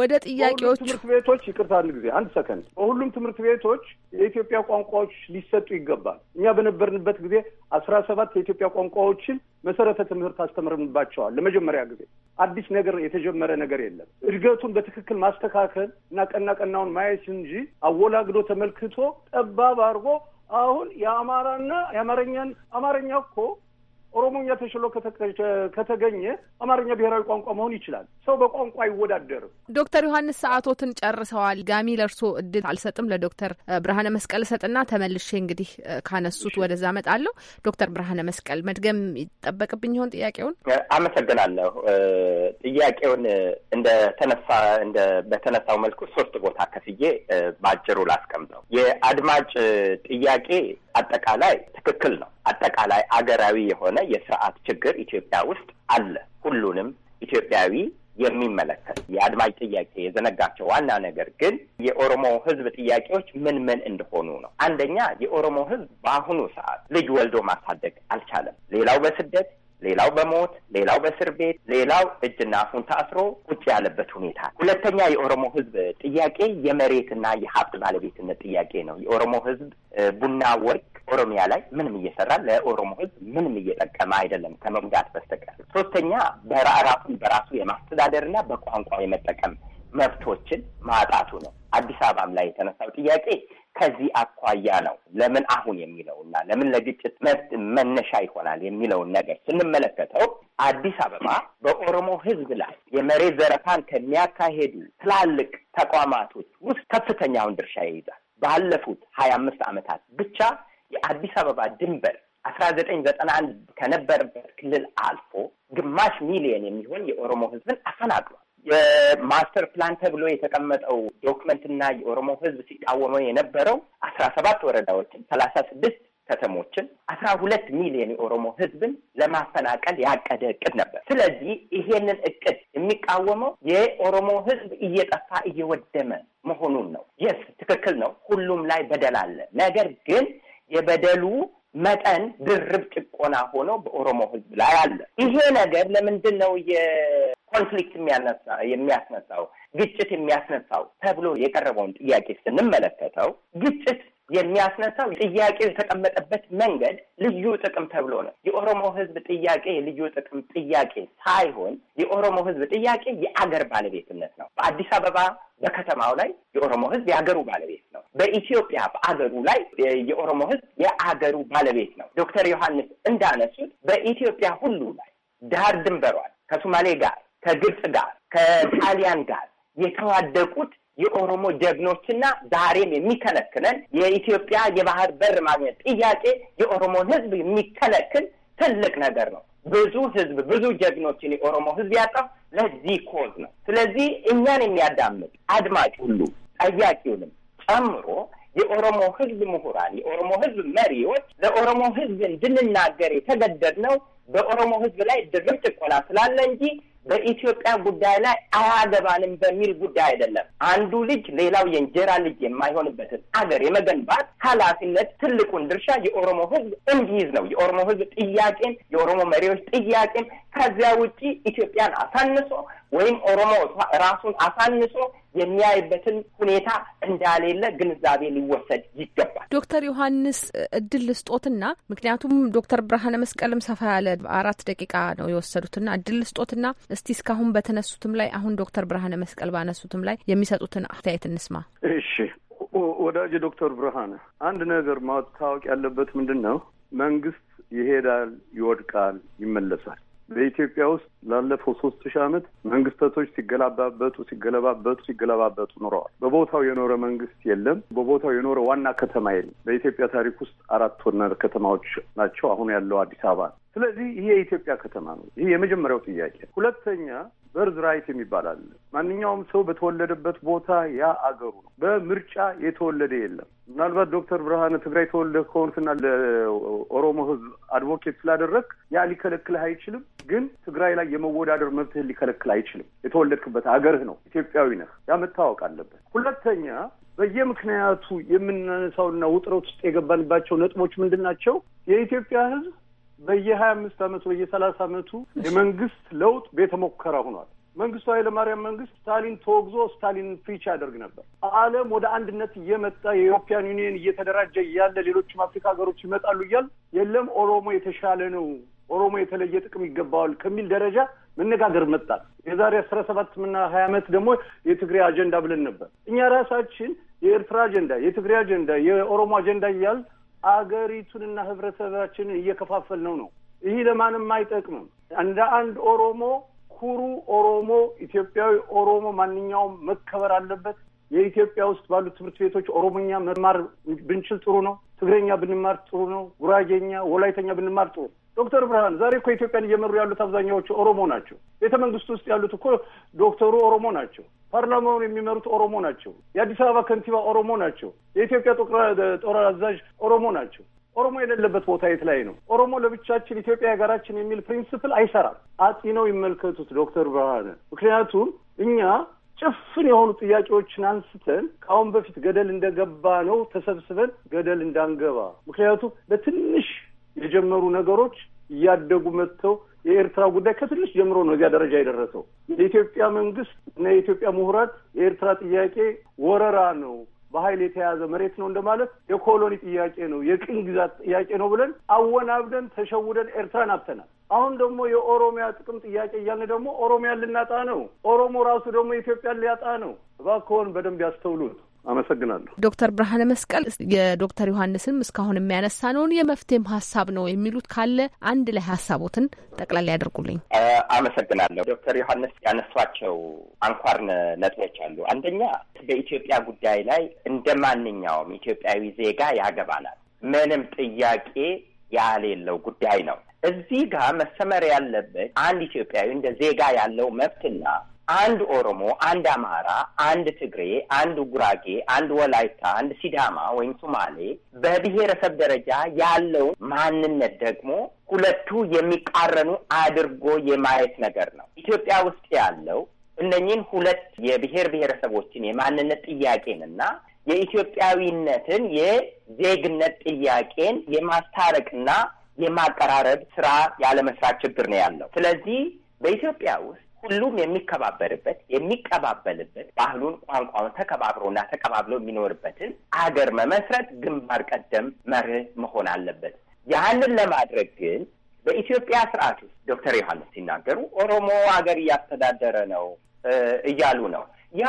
ወደ ጥያቄዎች ትምህርት ቤቶች ይቅርታ፣ አንድ ጊዜ አንድ ሰከንድ። በሁሉም ትምህርት ቤቶች የኢትዮጵያ ቋንቋዎች ሊሰጡ ይገባል። እኛ በነበርንበት ጊዜ አስራ ሰባት የኢትዮጵያ ቋንቋዎችን መሰረተ ትምህርት አስተምርንባቸዋል ለመጀመሪያ ጊዜ። አዲስ ነገር የተጀመረ ነገር የለም። እድገቱን በትክክል ማስተካከል እና ቀና ቀናውን ማየት እንጂ አወላግዶ ተመልክቶ ጠባብ አድርጎ አሁን የአማራና የአማርኛን አማርኛ እኮ ኦሮሞኛ ተችሎ ከተገኘ አማርኛ ብሔራዊ ቋንቋ መሆን ይችላል። ሰው በቋንቋ አይወዳደርም።
ዶክተር ዮሐንስ ሰዓቶትን ጨርሰዋል። ጋሚ ለእርሶ እድል አልሰጥም። ለዶክተር ብርሃነ መስቀል እሰጥና ተመልሼ እንግዲህ ካነሱት ወደዛ መጣለሁ። ዶክተር ብርሃነ መስቀል መድገም ይጠበቅብኝ ይሆን ጥያቄውን?
አመሰግናለሁ። ጥያቄውን ተነሳ እንደ በተነሳው መልኩ ሶስት ቦታ ከፍዬ በአጭሩ ላስቀምጠው የአድማጭ ጥያቄ አጠቃላይ ትክክል ነው። አጠቃላይ አገራዊ የሆነ የስርዓት ችግር ኢትዮጵያ ውስጥ አለ። ሁሉንም ኢትዮጵያዊ የሚመለከት የአድማጭ ጥያቄ የዘነጋቸው ዋና ነገር ግን የኦሮሞ ሕዝብ ጥያቄዎች ምን ምን እንደሆኑ ነው። አንደኛ የኦሮሞ ሕዝብ በአሁኑ ሰዓት ልጅ ወልዶ ማሳደግ አልቻለም። ሌላው በስደት ሌላው በሞት ሌላው በእስር ቤት ሌላው እጅና አፉን ታስሮ ቁጭ ያለበት ሁኔታ። ሁለተኛ የኦሮሞ ህዝብ ጥያቄ የመሬትና የሀብት ባለቤትነት ጥያቄ ነው። የኦሮሞ ህዝብ ቡና፣ ወርቅ ኦሮሚያ ላይ ምንም እየሰራ ለኦሮሞ ህዝብ ምንም እየጠቀመ አይደለም ከመጉዳት በስተቀር። ሶስተኛ በራሱን በራሱ የማስተዳደርና በቋንቋ የመጠቀም መብቶችን ማጣቱ ነው። አዲስ አበባም ላይ የተነሳው ጥያቄ ከዚህ አኳያ ነው። ለምን አሁን የሚለውና ለምን ለግጭት መነሻ ይሆናል የሚለውን ነገር ስንመለከተው አዲስ አበባ በኦሮሞ ሕዝብ ላይ የመሬት ዘረፋን ከሚያካሄዱ ትላልቅ ተቋማቶች ውስጥ ከፍተኛውን ድርሻ ይይዛል። ባለፉት ሀያ አምስት ዓመታት ብቻ የአዲስ አበባ ድንበር አስራ ዘጠኝ ዘጠና አንድ ከነበረበት ክልል አልፎ ግማሽ ሚሊየን የሚሆን የኦሮሞ ሕዝብን አፈናቅሏል። የማስተር ፕላን ተብሎ የተቀመጠው ዶክመንትና የኦሮሞ ህዝብ ሲቃወመው የነበረው አስራ ሰባት ወረዳዎችን ሰላሳ ስድስት ከተሞችን አስራ ሁለት ሚሊዮን የኦሮሞ ህዝብን ለማፈናቀል ያቀደ እቅድ ነበር። ስለዚህ ይሄንን እቅድ የሚቃወመው የኦሮሞ ህዝብ እየጠፋ እየወደመ መሆኑን ነው። የስ ትክክል ነው። ሁሉም ላይ በደል አለ። ነገር ግን የበደሉ መጠን ድርብ ጭቆና ሆኖ በኦሮሞ ህዝብ ላይ አለ። ይሄ ነገር ለምንድን ነው የኮንፍሊክት የሚያነሳ የሚያስነሳው ግጭት የሚያስነሳው ተብሎ የቀረበውን ጥያቄ ስንመለከተው ግጭት የሚያስነሳው ጥያቄው የተቀመጠበት መንገድ ልዩ ጥቅም ተብሎ ነው። የኦሮሞ ህዝብ ጥያቄ የልዩ ጥቅም ጥያቄ ሳይሆን የኦሮሞ ህዝብ ጥያቄ የአገር ባለቤትነት ነው። በአዲስ አበባ በከተማው ላይ የኦሮሞ ህዝብ የአገሩ ባለቤት ነው። በኢትዮጵያ በአገሩ ላይ የኦሮሞ ህዝብ የአገሩ ባለቤት ነው። ዶክተር ዮሐንስ እንዳነሱት በኢትዮጵያ ሁሉ ላይ ዳር ድንበሯል ከሶማሌ ጋር ከግብፅ ጋር ከጣሊያን ጋር የተዋደቁት የኦሮሞ ጀግኖችና ዛሬም የሚከለክለን የኢትዮጵያ የባህር በር ማግኘት ጥያቄ የኦሮሞን ህዝብ የሚከለክል ትልቅ ነገር ነው። ብዙ ህዝብ ብዙ ጀግኖችን የኦሮሞ ህዝብ ያጣው ለዚህ ኮዝ ነው። ስለዚህ እኛን የሚያዳምጥ አድማጭ ሁሉ ጠያቂውንም ጨምሮ የኦሮሞ ህዝብ ምሁራን፣ የኦሮሞ ህዝብ መሪዎች ለኦሮሞ ህዝብ እንድንናገር የተገደድነው በኦሮሞ ህዝብ ላይ ድርብ ጭቆና ስላለ እንጂ በኢትዮጵያ ጉዳይ ላይ አያገባንም በሚል ጉዳይ አይደለም። አንዱ ልጅ ሌላው የእንጀራ ልጅ የማይሆንበትን አገር የመገንባት ኃላፊነት ትልቁን ድርሻ የኦሮሞ ሕዝብ እንዲይዝ ነው የኦሮሞ ሕዝብ ጥያቄም የኦሮሞ መሪዎች ጥያቄም። ከዚያ ውጪ ኢትዮጵያን አሳንሶ ወይም ኦሮሞ ራሱን አሳንሶ የሚያይበትን ሁኔታ እንዳሌለ ግንዛቤ ሊወሰድ ይገባል።
ዶክተር ዮሐንስ እድል ልስጦትና ምክንያቱም ዶክተር ብርሃነ መስቀልም ሰፋ ያለ አራት ደቂቃ ነው የወሰዱትና እድል ልስጦትና እስቲ እስካሁን በተነሱትም ላይ አሁን ዶክተር ብርሃነ መስቀል ባነሱትም ላይ የሚሰጡትን አስተያየት እንስማ።
እሺ ወዳጅ ዶክተር ብርሃነ አንድ ነገር ማታወቅ ያለበት ምንድን ነው፣ መንግስት ይሄዳል፣ ይወድቃል፣ ይመለሳል በኢትዮጵያ ውስጥ ላለፈው ሶስት ሺህ ዓመት መንግስታቶች ሲገላባበጡ ሲገለባበጡ ሲገለባበጡ ኑረዋል። በቦታው የኖረ መንግስት የለም። በቦታው የኖረ ዋና ከተማ የለም። በኢትዮጵያ ታሪክ ውስጥ አራት ዋና ከተማዎች ናቸው። አሁን ያለው አዲስ አበባ ነው። ስለዚህ ይሄ የኢትዮጵያ ከተማ ነው። ይሄ የመጀመሪያው ጥያቄ። ሁለተኛ በርዝ ራይት የሚባል አለ። ማንኛውም ሰው በተወለደበት ቦታ ያ አገሩ ነው። በምርጫ የተወለደ የለም። ምናልባት ዶክተር ብርሃነ ትግራይ ተወልደ ከሆንክና ለኦሮሞ ሕዝብ አድቮኬት ስላደረግ ያ ሊከለክልህ አይችልም። ግን ትግራይ ላይ የመወዳደር መብትህን ሊከለክል አይችልም። የተወለድክበት አገርህ ነው። ኢትዮጵያዊ ነህ። ያ መታወቅ አለበት። ሁለተኛ በየምክንያቱ የምናነሳውና ውጥረት ውስጥ የገባንባቸው ነጥቦች ምንድን ናቸው? የኢትዮጵያ ሕዝብ በየሀያ አምስት አመቱ በየሰላሳ አመቱ የመንግስት ለውጥ ቤተ ሆኗል። መንግስቱ ኃይለማርያም መንግስት ስታሊን ተወግዞ ስታሊን ፒች ያደርግ ነበር። አለም ወደ አንድነት እየመጣ የኢሮፒያን ዩኒየን እየተደራጀ እያለ ሌሎችም አፍሪካ ሀገሮች ይመጣሉ እያል የለም ኦሮሞ የተሻለ ነው፣ ኦሮሞ የተለየ ጥቅም ይገባዋል ከሚል ደረጃ መነጋገር መጣል። የዛሬ አስራ ሰባት ምና ሀያ አመት ደግሞ የትግሬ አጀንዳ ብለን ነበር። እኛ ራሳችን የኤርትራ አጀንዳ፣ የትግሬ አጀንዳ፣ የኦሮሞ አጀንዳ እያል አገሪቱንና ህብረተሰባችንን እየከፋፈል ነው ነው። ይህ ለማንም አይጠቅምም። እንደ አንድ ኦሮሞ ኩሩ ኦሮሞ፣ ኢትዮጵያዊ ኦሮሞ ማንኛውም መከበር አለበት። የኢትዮጵያ ውስጥ ባሉ ትምህርት ቤቶች ኦሮሞኛ መማር ብንችል ጥሩ ነው። ትግረኛ ብንማር ጥሩ ነው። ጉራጌኛ፣ ወላይተኛ ብንማር ጥሩ ነው። ዶክተር ብርሃን ዛሬ እኮ ኢትዮጵያን እየመሩ ያሉት አብዛኛዎቹ ኦሮሞ ናቸው። ቤተ መንግስት ውስጥ ያሉት እኮ ዶክተሩ ኦሮሞ ናቸው። ፓርላማውን የሚመሩት ኦሮሞ ናቸው። የአዲስ አበባ ከንቲባ ኦሮሞ ናቸው። የኢትዮጵያ ጦር አዛዥ ኦሮሞ ናቸው። ኦሮሞ የሌለበት ቦታ የት ላይ ነው? ኦሮሞ ለብቻችን ኢትዮጵያ ሀገራችን የሚል ፕሪንስፕል አይሰራም። አጢነው ይመልከቱት ዶክተር ብርሃን። ምክንያቱም እኛ ጭፍን የሆኑ ጥያቄዎችን አንስተን ከአሁን በፊት ገደል እንደገባ ነው ተሰብስበን ገደል እንዳንገባ ምክንያቱም በትንሽ የጀመሩ ነገሮች እያደጉ መጥተው የኤርትራ ጉዳይ ከትንሽ ጀምሮ ነው እዚያ ደረጃ የደረሰው። የኢትዮጵያ መንግስት እና የኢትዮጵያ ምሁራት የኤርትራ ጥያቄ ወረራ ነው፣ በኃይል የተያዘ መሬት ነው እንደማለት የኮሎኒ ጥያቄ ነው፣ የቅኝ ግዛት ጥያቄ ነው ብለን አወናብደን ተሸውደን ኤርትራን አብተናል። አሁን ደግሞ የኦሮሚያ ጥቅም ጥያቄ እያልን ደግሞ ኦሮሚያን ልናጣ ነው፣ ኦሮሞ ራሱ ደግሞ ኢትዮጵያን ሊያጣ ነው። እባክዎን በደንብ ያስተውሉት። አመሰግናለሁ
ዶክተር ብርሃነ መስቀል። የዶክተር ዮሐንስም እስካሁን የሚያነሳ ነውን የመፍትሄም ሀሳብ ነው የሚሉት ካለ አንድ ላይ ሀሳቦትን ጠቅላላ ያደርጉልኝ።
አመሰግናለሁ ዶክተር ዮሐንስ ያነሷቸው አንኳር ነጥቦች አሉ። አንደኛ በኢትዮጵያ ጉዳይ ላይ እንደ ማንኛውም ኢትዮጵያዊ ዜጋ ያገባናል። ምንም ጥያቄ ያሌለው ጉዳይ ነው። እዚህ ጋር መሰመር ያለበት አንድ ኢትዮጵያዊ እንደ ዜጋ ያለው መብትና አንድ ኦሮሞ፣ አንድ አማራ፣ አንድ ትግሬ፣ አንድ ጉራጌ፣ አንድ ወላይታ፣ አንድ ሲዳማ ወይም ሱማሌ በብሔረሰብ ደረጃ ያለውን ማንነት ደግሞ ሁለቱ የሚቃረኑ አድርጎ የማየት ነገር ነው። ኢትዮጵያ ውስጥ ያለው እነኚህን ሁለት የብሔር ብሔረሰቦችን የማንነት ጥያቄንና የኢትዮጵያዊነትን የዜግነት ጥያቄን የማስታረቅና የማቀራረብ ስራ ያለመስራት ችግር ነው ያለው። ስለዚህ በኢትዮጵያ ውስጥ ሁሉም የሚከባበርበት የሚቀባበልበት ባህሉን ቋንቋውን ተከባብሮና ተቀባብሎ የሚኖርበትን አገር መመስረት ግንባር ቀደም መርህ መሆን አለበት። ያንን ለማድረግ ግን በኢትዮጵያ ስርዓት ውስጥ ዶክተር ዮሐንስ ሲናገሩ ኦሮሞ አገር እያስተዳደረ ነው እያሉ ነው። ያ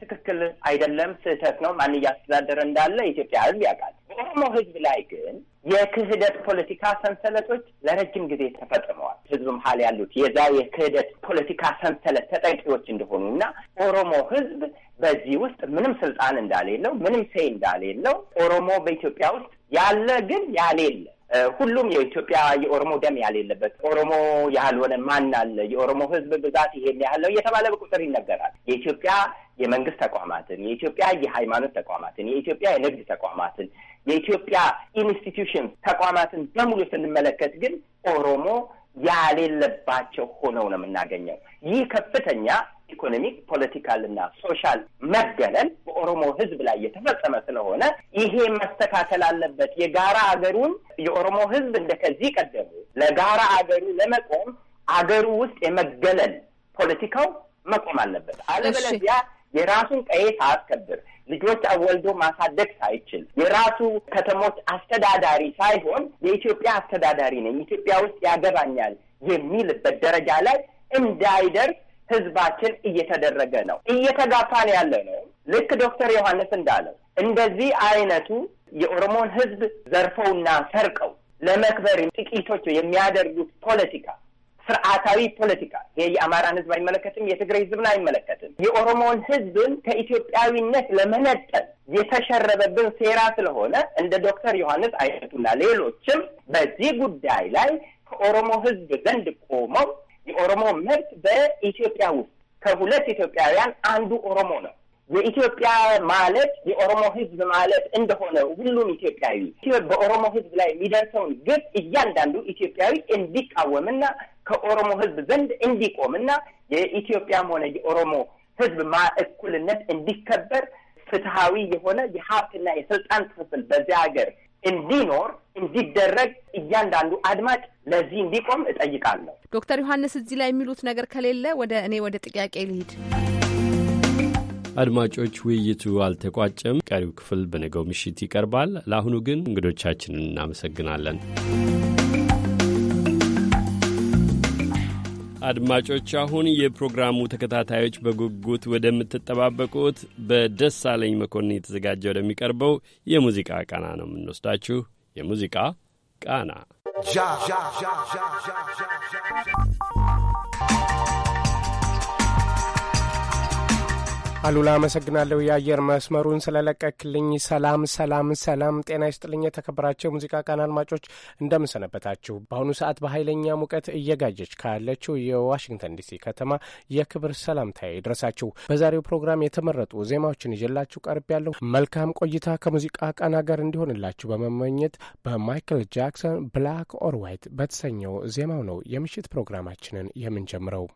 ትክክል አይደለም፣ ስህተት ነው። ማን እያስተዳደረ እንዳለ የኢትዮጵያ ሕዝብ ያውቃል። በኦሮሞ ሕዝብ ላይ ግን የክህደት ፖለቲካ ሰንሰለቶች ለረጅም ጊዜ ተፈጽመዋል። ሕዝብ መሀል ያሉት የዛ የክህደት ፖለቲካ ሰንሰለት ተጠቂዎች እንደሆኑ እና ኦሮሞ ሕዝብ በዚህ ውስጥ ምንም ስልጣን እንዳሌለው፣ ምንም ሴ እንዳሌለው ኦሮሞ በኢትዮጵያ ውስጥ ያለ ግን ያሌለ ሁሉም የኢትዮጵያ የኦሮሞ ደም ያሌለበት ኦሮሞ ያልሆነ ማን አለ? የኦሮሞ ህዝብ ብዛት ይሄን ያህል ነው እየተባለ በቁጥር ይነገራል። የኢትዮጵያ የመንግስት ተቋማትን፣ የኢትዮጵያ የሃይማኖት ተቋማትን፣ የኢትዮጵያ የንግድ ተቋማትን፣ የኢትዮጵያ ኢንስቲትዩሽን ተቋማትን በሙሉ ስንመለከት ግን ኦሮሞ ያሌለባቸው ሆነው ነው የምናገኘው። ይህ ከፍተኛ ኢኮኖሚክ፣ ፖለቲካል እና ሶሻል መገለል በኦሮሞ ህዝብ ላይ የተፈጸመ ስለሆነ ይሄ መስተካከል አለበት። የጋራ አገሩን የኦሮሞ ህዝብ እንደ ከዚህ ቀደሙ ለጋራ አገሩ ለመቆም አገሩ ውስጥ የመገለል ፖለቲካው መቆም አለበት። አለበለዚያ የራሱን ቀዬ ሳያስከብር ልጆች አወልዶ ማሳደግ ሳይችል የራሱ ከተሞች አስተዳዳሪ ሳይሆን የኢትዮጵያ አስተዳዳሪ ነኝ፣ ኢትዮጵያ ውስጥ ያገባኛል የሚልበት ደረጃ ላይ እንዳይደርስ ህዝባችን እየተደረገ ነው፣ እየተጋፋን ያለ ነው። ልክ ዶክተር ዮሐንስ እንዳለው እንደዚህ አይነቱ የኦሮሞን ህዝብ ዘርፈውና ሰርቀው ለመክበር ጥቂቶች የሚያደርጉት ፖለቲካ ስርዓታዊ ፖለቲካ ይሄ የአማራን ህዝብ አይመለከትም፣ የትግራይ ህዝብን አይመለከትም። የኦሮሞን ህዝብን ከኢትዮጵያዊነት ለመነጠል የተሸረበብን ሴራ ስለሆነ እንደ ዶክተር ዮሐንስ አይነቱና ሌሎችም በዚህ ጉዳይ ላይ ከኦሮሞ ህዝብ ዘንድ ቆመው የኦሮሞ መብት በኢትዮጵያ ውስጥ ከሁለት ኢትዮጵያውያን አንዱ ኦሮሞ ነው። የኢትዮጵያ ማለት የኦሮሞ ሕዝብ ማለት እንደሆነ ሁሉም ኢትዮጵያዊ በኦሮሞ ሕዝብ ላይ የሚደርሰውን ግብ እያንዳንዱ ኢትዮጵያዊ እንዲቃወምና ከኦሮሞ ሕዝብ ዘንድ እንዲቆምና የኢትዮጵያም ሆነ የኦሮሞ ሕዝብ እኩልነት እንዲከበር ፍትሐዊ የሆነ የሀብትና የስልጣን ክፍፍል በዚያ ሀገር እንዲኖር እንዲደረግ እያንዳንዱ አድማጭ ለዚህ እንዲቆም እጠይቃለሁ።
ዶክተር ዮሐንስ እዚህ ላይ የሚሉት ነገር ከሌለ ወደ እኔ ወደ ጥያቄ ልሂድ።
አድማጮች፣ ውይይቱ አልተቋጨም። ቀሪው ክፍል በነገው ምሽት ይቀርባል። ለአሁኑ ግን እንግዶቻችንን እናመሰግናለን። አድማጮች አሁን የፕሮግራሙ ተከታታዮች በጉጉት ወደምትጠባበቁት በደሳለኝ መኮንን የተዘጋጀ ወደሚቀርበው የሙዚቃ ቃና ነው የምንወስዳችሁ። የሙዚቃ
ቃና አሉላ አመሰግናለሁ፣ የአየር መስመሩን ስለለቀክልኝ። ሰላም ሰላም ሰላም፣ ጤና ይስጥልኝ። የተከበራቸው የሙዚቃ ቃና አድማጮች እንደምንሰነበታችሁ። በአሁኑ ሰዓት በኃይለኛ ሙቀት እየጋጀች ካለችው የዋሽንግተን ዲሲ ከተማ የክብር ሰላምታ ይድረሳችሁ። በዛሬው ፕሮግራም የተመረጡ ዜማዎችን ይዤላችሁ ቀርብ ያለሁ። መልካም ቆይታ ከሙዚቃ ቃና ጋር እንዲሆንላችሁ በመመኘት በማይክል ጃክሰን ብላክ ኦር ዋይት በተሰኘው ዜማው ነው የምሽት ፕሮግራማችንን የምንጀምረው።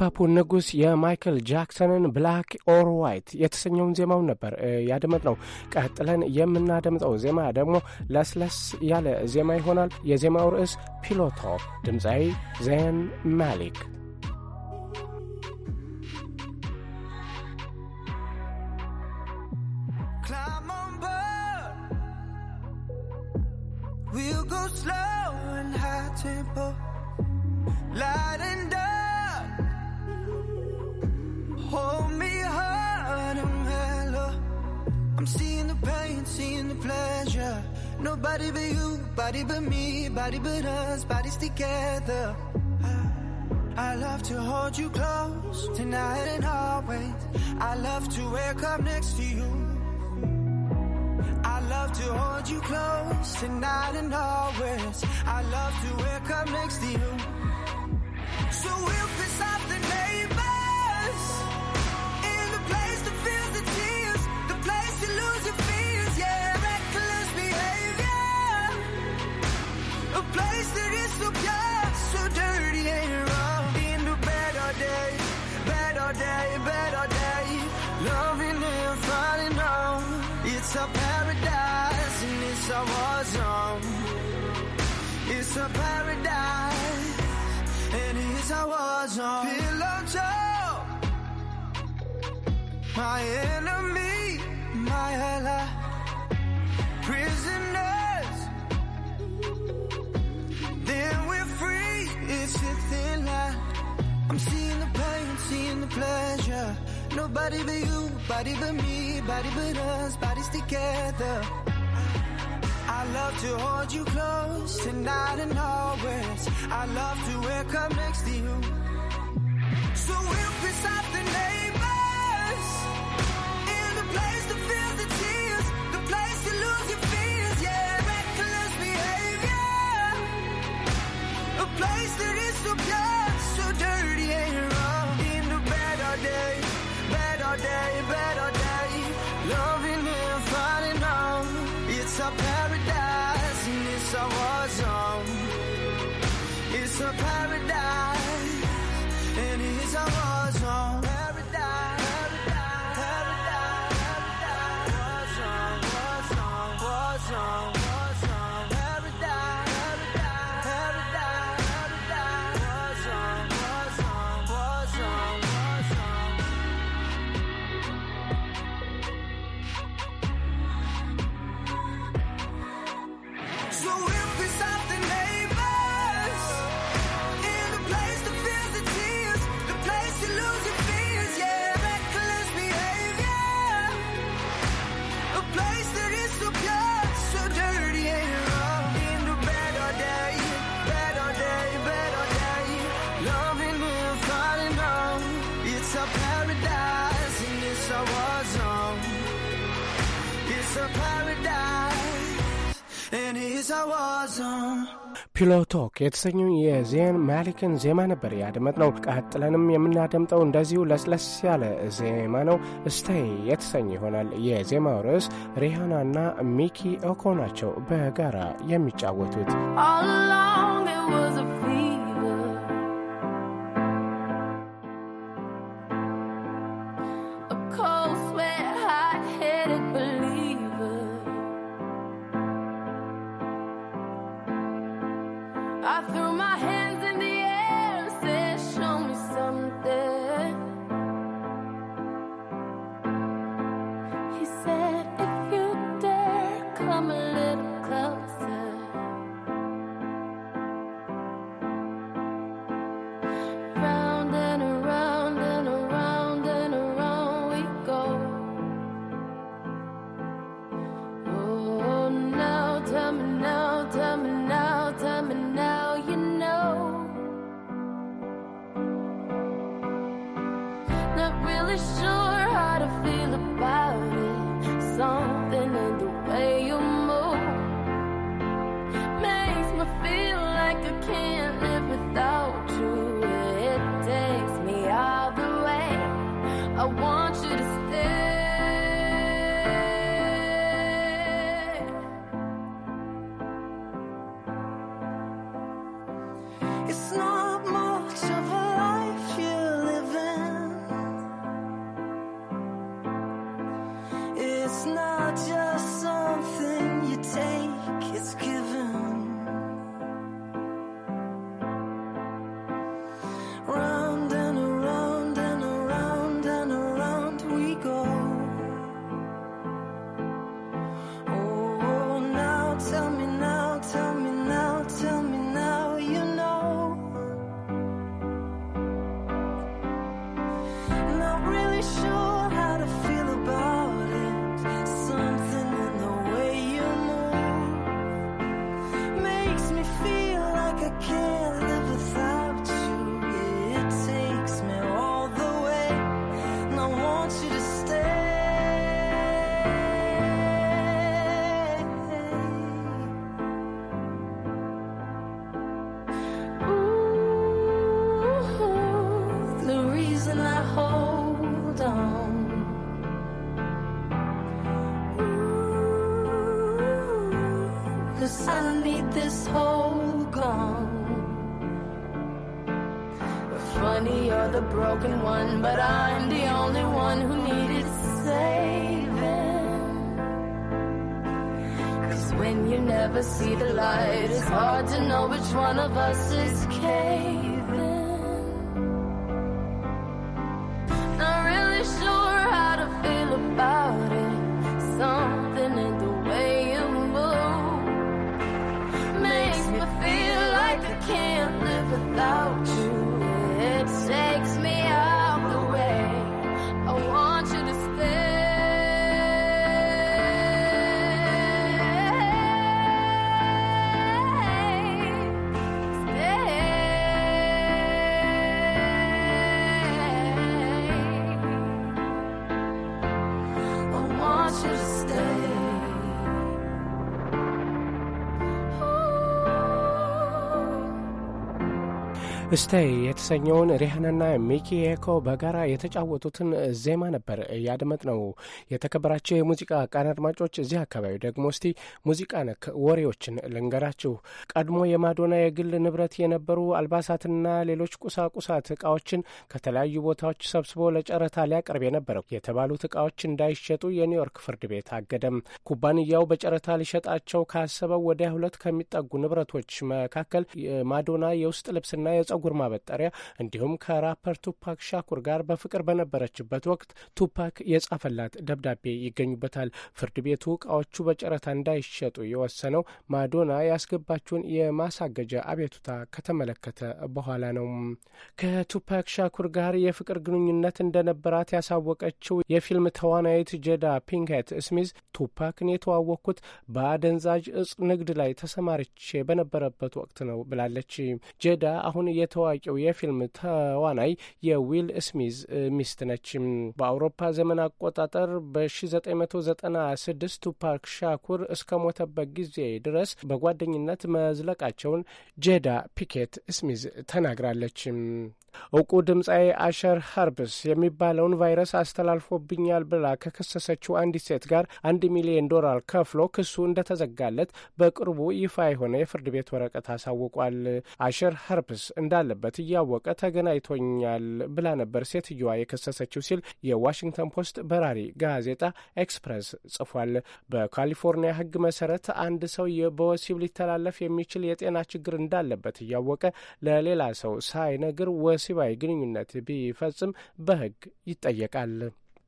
የፓፑን ንጉሥ የማይክል ጃክሰንን ብላክ ኦር ዋይት የተሰኘውን ዜማውን ነበር ያደመጥነው። ቀጥለን የምናደምጠው ዜማ ደግሞ ለስለስ ያለ ዜማ ይሆናል። የዜማው ርዕስ ፒሎቶ፣ ድምፃዊ ዘን ማሊክ
Nobody but you, body but me, body but us, bodies together. I love to hold you close tonight and always. I love to wake up next to you. I love to hold you close tonight and always. I love to wake up next to you. So we'll decide. day, a better day. Loving and falling on. It's a paradise and it's a war zone. It's a paradise and it's a war zone. Pillow talk. My enemy, my ally. Prisoners. Then we're free. It's a thing. I'm seeing the pain, seeing the pleasure. Nobody but you, body but me, body but us, bodies together. I love to hold you close tonight and always. I love to wake up next to you. So we'll piss off the neighbors in the place to feel the tears, the place to lose your fears. Yeah, reckless behavior, a place that is so pure.
ፒሎቶክ የተሰኘው የዜን ማሊክን ዜማ ነበር ያደመጥነው። ቀጥለንም የምናደምጠው እንደዚሁ ለስለስ ያለ ዜማ ነው። እስታይ የተሰኘ ይሆናል። የዜማው ርዕስ ሪሃናና ሚኪ ኦኮ ናቸው በጋራ የሚጫወቱት። stay at የተሰኘውን ሪሃናና ሚኪ ኤኮ በጋራ የተጫወቱትን ዜማ ነበር ያድመጥ ነው። የተከበራቸው የሙዚቃ ቃን አድማጮች፣ እዚህ አካባቢ ደግሞ እስቲ ሙዚቃ ነክ ወሬዎችን ልንገራችሁ። ቀድሞ የማዶና የግል ንብረት የነበሩ አልባሳትና ሌሎች ቁሳቁሳት እቃዎችን ከተለያዩ ቦታዎች ሰብስቦ ለጨረታ ሊያቀርብ የነበረው የተባሉት እቃዎች እንዳይሸጡ የኒውዮርክ ፍርድ ቤት አገደም። ኩባንያው በጨረታ ሊሸጣቸው ካሰበው ወደ ሁለት ከሚጠጉ ንብረቶች መካከል ማዶና የውስጥ ልብስና የጸጉር ማበጠሪያ እንዲሁም ከራፐር ቱፓክ ሻኩር ጋር በፍቅር በነበረችበት ወቅት ቱፓክ የጻፈላት ደብዳቤ ይገኙበታል። ፍርድ ቤቱ እቃዎቹ በጨረታ እንዳይሸጡ የወሰነው ማዶና ያስገባችውን የማሳገጃ አቤቱታ ከተመለከተ በኋላ ነው። ከቱፓክ ሻኩር ጋር የፍቅር ግንኙነት እንደነበራት ያሳወቀችው የፊልም ተዋናይት ጄዳ ፒንከት ስሚዝ ቱፓክን የተዋወቅኩት በአደንዛዥ እጽ ንግድ ላይ ተሰማርቼ በነበረበት ወቅት ነው ብላለች። ጄዳ አሁን የታዋቂው የፊልም የፊልም ተዋናይ የዊል ስሚዝ ሚስት ነች። በአውሮፓ ዘመን አቆጣጠር በ1996 ቱፓክ ሻኩር እስከ ሞተበት ጊዜ ድረስ በጓደኝነት መዝለቃቸውን ጄዳ ፒኬት ስሚዝ ተናግራለች። እውቁ ድምፃዊ አሸር ሀርብስ የሚባለውን ቫይረስ አስተላልፎብኛል ብላ ከከሰሰችው አንዲት ሴት ጋር አንድ ሚሊዮን ዶላር ከፍሎ ክሱ እንደተዘጋለት በቅርቡ ይፋ የሆነ የፍርድ ቤት ወረቀት አሳውቋል። አሸር ሀርብስ እንዳለበት እያወቀ እያወቀ ተገናኝቶኛል ብላ ነበር ሴትዮዋ የከሰሰችው ሲል የዋሽንግተን ፖስት በራሪ ጋዜጣ ኤክስፕረስ ጽፏል። በካሊፎርኒያ ሕግ መሰረት አንድ ሰው በወሲብ ሊተላለፍ የሚችል የጤና ችግር እንዳለበት እያወቀ ለሌላ ሰው ሳይነግር ወሲባዊ ግንኙነት ቢፈጽም በሕግ ይጠየቃል።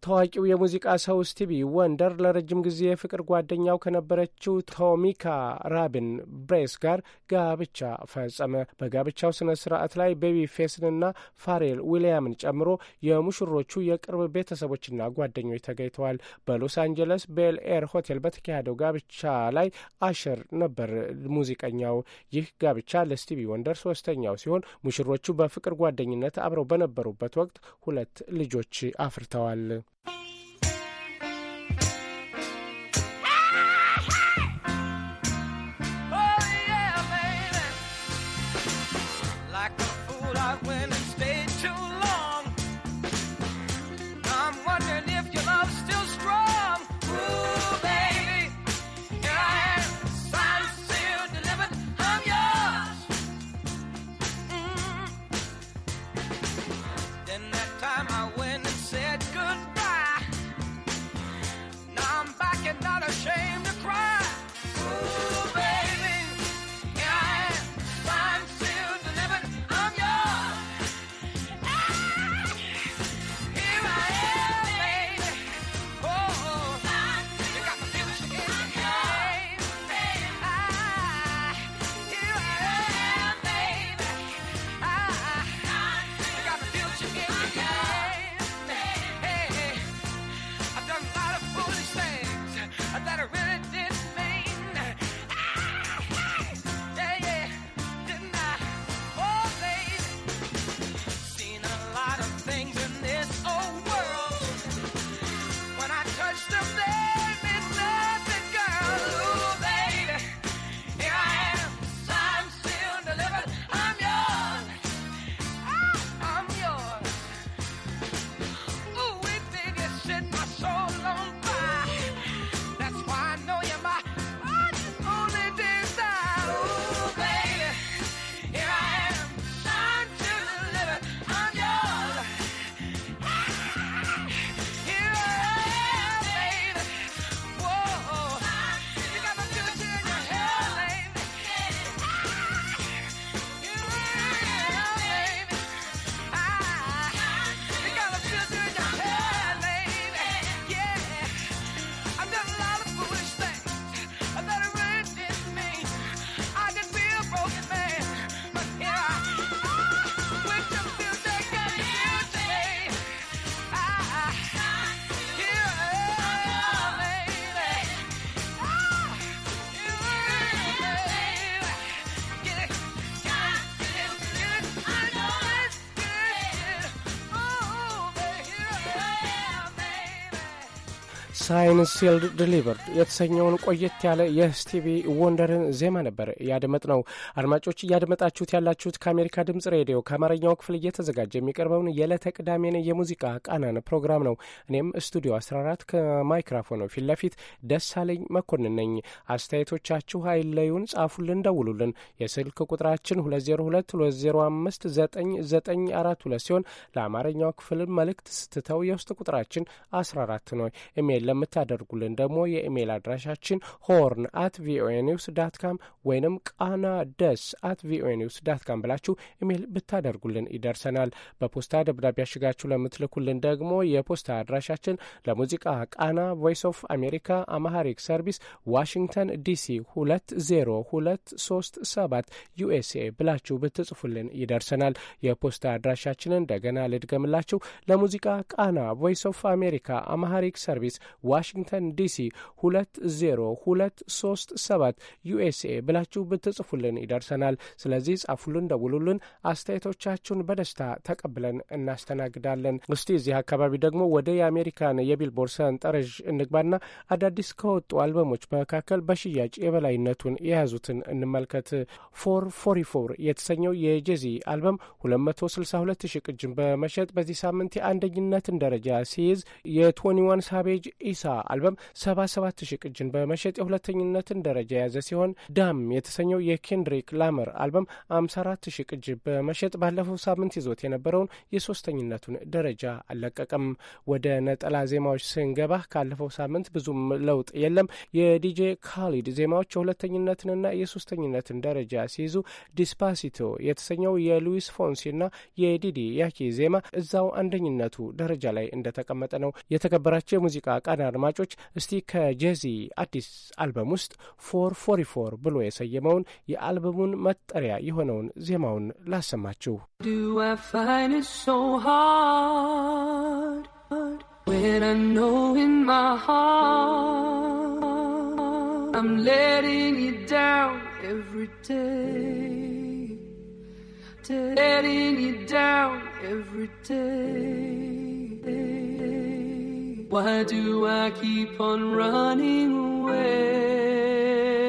ታዋቂው የሙዚቃ ሰው ስቲቪ ወንደር ለረጅም ጊዜ የፍቅር ጓደኛው ከነበረችው ቶሚካ ራቢን ብሬስ ጋር ጋብቻ ፈጸመ። በጋብቻው ስነ ስርዓት ላይ ቤቢ ፌስንና ፋሬል ዊልያምን ጨምሮ የሙሽሮቹ የቅርብ ቤተሰቦችና ጓደኞች ተገኝተዋል። በሎስ አንጀለስ ቤል ኤር ሆቴል በተካሄደው ጋብቻ ላይ አሸር ነበር ሙዚቀኛው። ይህ ጋብቻ ለስቲቪ ወንደር ሶስተኛው ሲሆን ሙሽሮቹ በፍቅር ጓደኝነት አብረው በነበሩበት ወቅት ሁለት ልጆች አፍርተዋል። ሳይንስ ዲሊቨርድ የተሰኘውን ቆየት ያለ የስቲቪ ወንደርን ዜማ ነበር ያደመጥ ነው። አድማጮች እያደመጣችሁት ያላችሁት ከአሜሪካ ድምጽ ሬዲዮ ከአማርኛው ክፍል እየተዘጋጀ የሚቀርበውን የዕለተ ቅዳሜን የሙዚቃ ቃናን ፕሮግራም ነው። እኔም ስቱዲዮ 14 ከማይክራፎን ፊት ለፊት ደሳለኝ መኮንን ነኝ። አስተያየቶቻችሁ አይለዩን፣ ጻፉልን፣ ደውሉልን። የስልክ ቁጥራችን 202 205 ሲሆን ለአማርኛው ክፍል መልእክት ስትተው የውስጥ ቁጥራችን 14 ነው። ኢሜይል ለምታደርጉልን ደግሞ የኢሜይል አድራሻችን ሆርን አት ቪኦኤ ኒውስ ዳት ካም ወይንም ቃና ደስ አት ቪኦኤ ኒውስ ዳት ካም ብላችሁ ኢሜይል ብታደርጉልን ይደርሰናል። በፖስታ ደብዳቤ ያሽጋችሁ ለምትልኩልን ደግሞ የፖስታ አድራሻችን ለሙዚቃ ቃና ቮይስ ኦፍ አሜሪካ አማሃሪክ ሰርቪስ ዋሽንግተን ዲሲ ሰባት ዩኤስኤ ብላችሁ ብትጽፉልን ይደርሰናል። የፖስታ አድራሻችንን እንደገና ልድገምላችሁ። ለሙዚቃ ቃና ቮይስ ኦፍ አሜሪካ አማሃሪክ ሰርቪስ ዋሽንግተን ዲሲ 20237 ዩኤስኤ ብላችሁ ብትጽፉልን ይደርሰናል። ስለዚህ ጻፉልን፣ ደውሉልን። አስተያየቶቻችሁን በደስታ ተቀብለን እናስተናግዳለን። እስቲ እዚህ አካባቢ ደግሞ ወደ የአሜሪካን የቢልቦርድ ሰንጠረዥ እንግባና አዳዲስ ከወጡ አልበሞች መካከል በሽያጭ የበላይነቱን የያዙትን እንመልከት። ፎር ፎሪ ፎር የተሰኘው የጄዚ አልበም 262 ሺህ ቅጅን በመሸጥ በዚህ ሳምንት የአንደኝነትን ደረጃ ሲይዝ የ21 ሳቤጅ ኢሳ አልበም 77 ሺ ቅጅን በመሸጥ የሁለተኝነትን ደረጃ የያዘ ሲሆን ዳም የተሰኘው የኬንድሪክ ላመር አልበም 54 ሺ ቅጅ በመሸጥ ባለፈው ሳምንት ይዞት የነበረውን የሶስተኝነቱን ደረጃ አልለቀቀም። ወደ ነጠላ ዜማዎች ስንገባ ካለፈው ሳምንት ብዙም ለውጥ የለም። የዲጄ ካሊድ ዜማዎች የሁለተኝነትንና የሶስተኝነትን ደረጃ ሲይዙ ዲስፓሲቶ የተሰኘው የሉዊስ ፎንሲና የዲዲ ያኪ ዜማ እዛው አንደኝነቱ ደረጃ ላይ እንደተቀመጠ ነው። የተከበራቸው የሙዚቃ ቃና ተከበራችሁን አድማጮች እስቲ ከጄዚ አዲስ አልበም ውስጥ ፎር ፎሪ ፎር ብሎ የሰየመውን የአልበሙን መጠሪያ የሆነውን ዜማውን ላሰማችሁ።
letting
you down every day. Why do I keep on running away?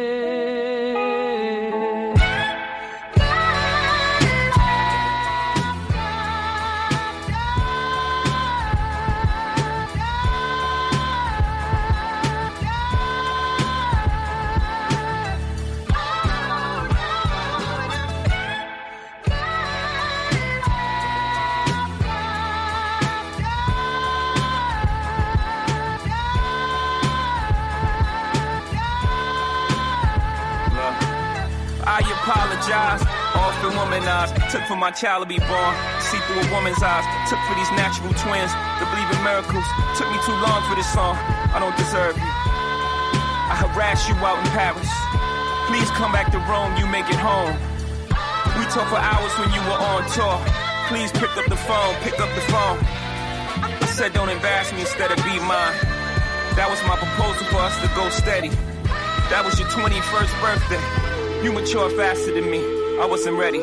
apologized. Often womanized, took for my child to be born. See through a woman's eyes, took for these natural twins to believe in miracles. Took me too long for this song, I don't deserve you. I harass you out in Paris. Please come back to Rome, you make it home. We talked for hours when you were on tour. Please pick up the phone, pick up the phone. I said, don't embarrass me instead of be mine. That was my proposal for us to go steady. That was your 21st birthday. You matured faster than me. I wasn't ready,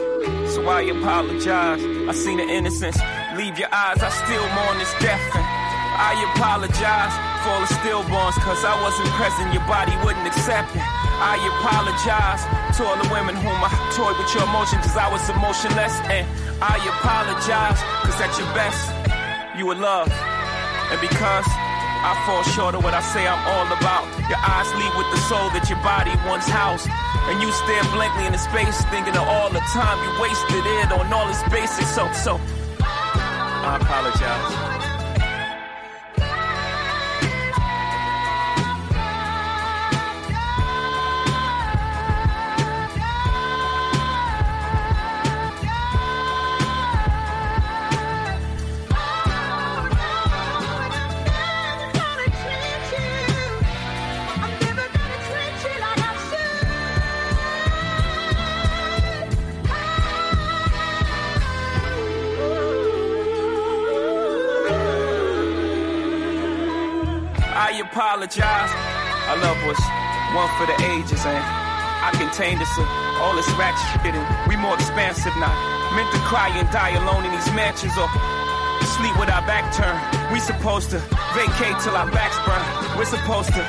so I apologize. I seen the innocence leave your eyes. I still mourn this death. And I apologize for all the stillborns, cause I wasn't present. Your body wouldn't accept it. I apologize to all the women whom I toyed with your emotions, cause I was emotionless. And I apologize, cause at your best, you were love. And because I fall short of what I say I'm all about. Your eyes leave with the soul that your body once housed. And you stare blankly in the space, thinking of all the time you wasted it on all this basic so so. I apologize. franchise. I love was one for the ages, and I contained this uh, all this ratchet shit, and we more expansive now. Meant to cry and die alone in these mansions or sleep with our back turned. We supposed to vacate till our backs burn. We're supposed to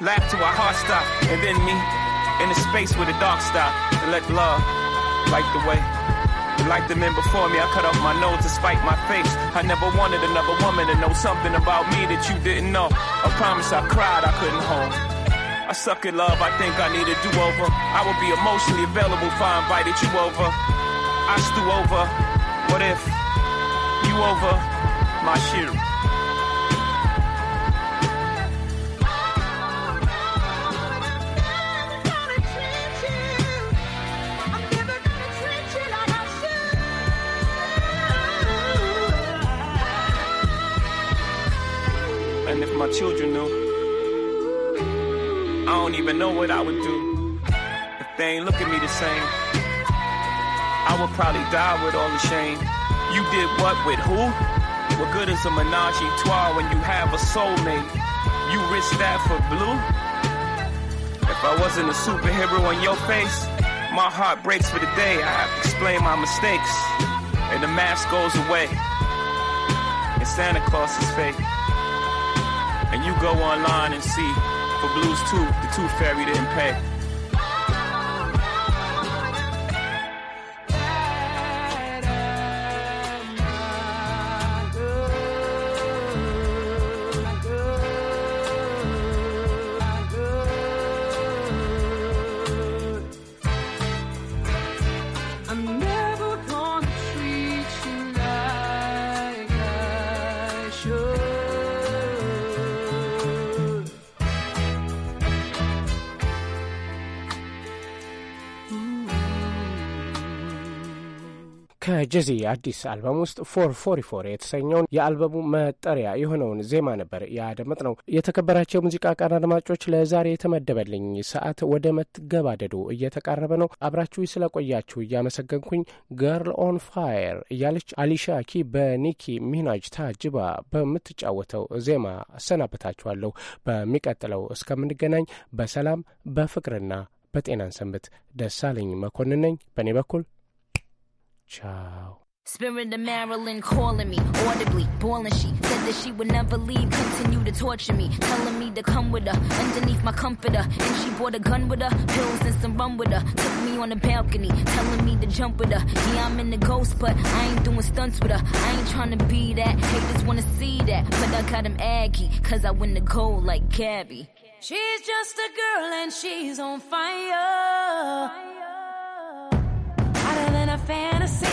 laugh till our heart stop, and then me in a space where the dark stop, and let love light the way. Like the men before me, I cut off my nose to spite my face. I never wanted another woman to know something about me that you didn't know. I promise I cried, I couldn't hold. I suck at love, I think I need a do-over. I would be emotionally available if I invited you over. I stew over. What if you over my shoe? my children knew. I don't even know what I would do if they ain't look at me the same. I would probably die with all the shame. You did what with who? What good is a menage a trois when you have a soulmate? You risk that for blue? If I wasn't a superhero on your face, my heart breaks for the day. I have to explain my mistakes, and the mask goes away, and Santa Claus is fake. And you go online and see for Blues 2, the Tooth Fairy didn't pay.
ከጀዚ አዲስ አልበም ውስጥ ፎር ፎሪ ፎር የተሰኘውን የአልበሙ መጠሪያ የሆነውን ዜማ ነበር ያደመጥ ነው። የተከበራቸው የሙዚቃ ቃና አድማጮች ለዛሬ የተመደበልኝ ሰዓት ወደ መትገባደዱ እየተቃረበ ነው። አብራችሁ ስለቆያችሁ እያመሰገንኩኝ ገርል ኦን ፋየር እያለች አሊሻ ኪ በኒኪ ሚናጅ ታጅባ በምትጫወተው ዜማ አሰናበታችኋለሁ። በሚቀጥለው እስከምንገናኝ በሰላም በፍቅርና በጤናን ሰንብት። ደሳለኝ መኮንን ነኝ በእኔ በኩል Ciao.
Spirit of Maryland calling me audibly, boiling she said that she would never leave, continue to torture me, telling me to come with her underneath my comforter. And she brought a gun with her, pills and some rum with her. Took me on the balcony, telling me to jump with her. Yeah, I'm in the ghost, but I ain't doing stunts with her. I ain't trying to be that. Haters wanna see that, but I got him aggy, cause I win the gold like Gabby. She's just a girl and she's on fire fantasy.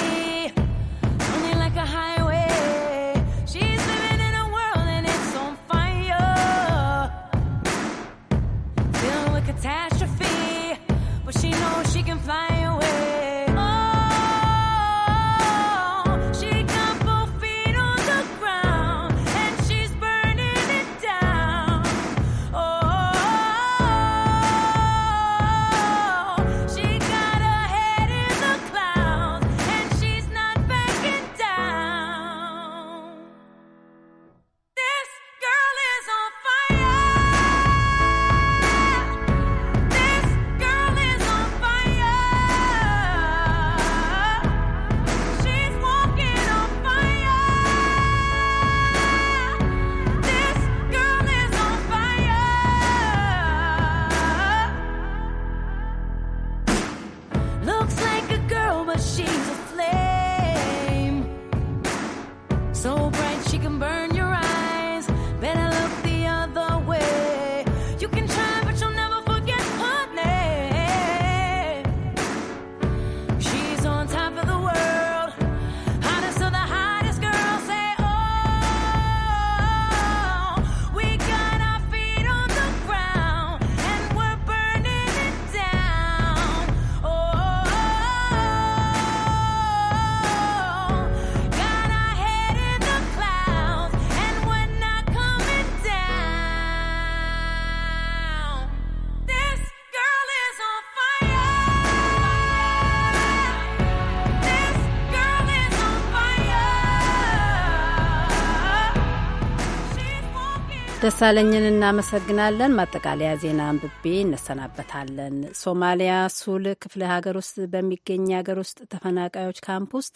ደሳለኝን እናመሰግናለን። ማጠቃለያ ዜና አንብቤ እንሰናበታለን። ሶማሊያ ሱል ክፍለ ሀገር ውስጥ በሚገኝ የሀገር ውስጥ ተፈናቃዮች ካምፕ ውስጥ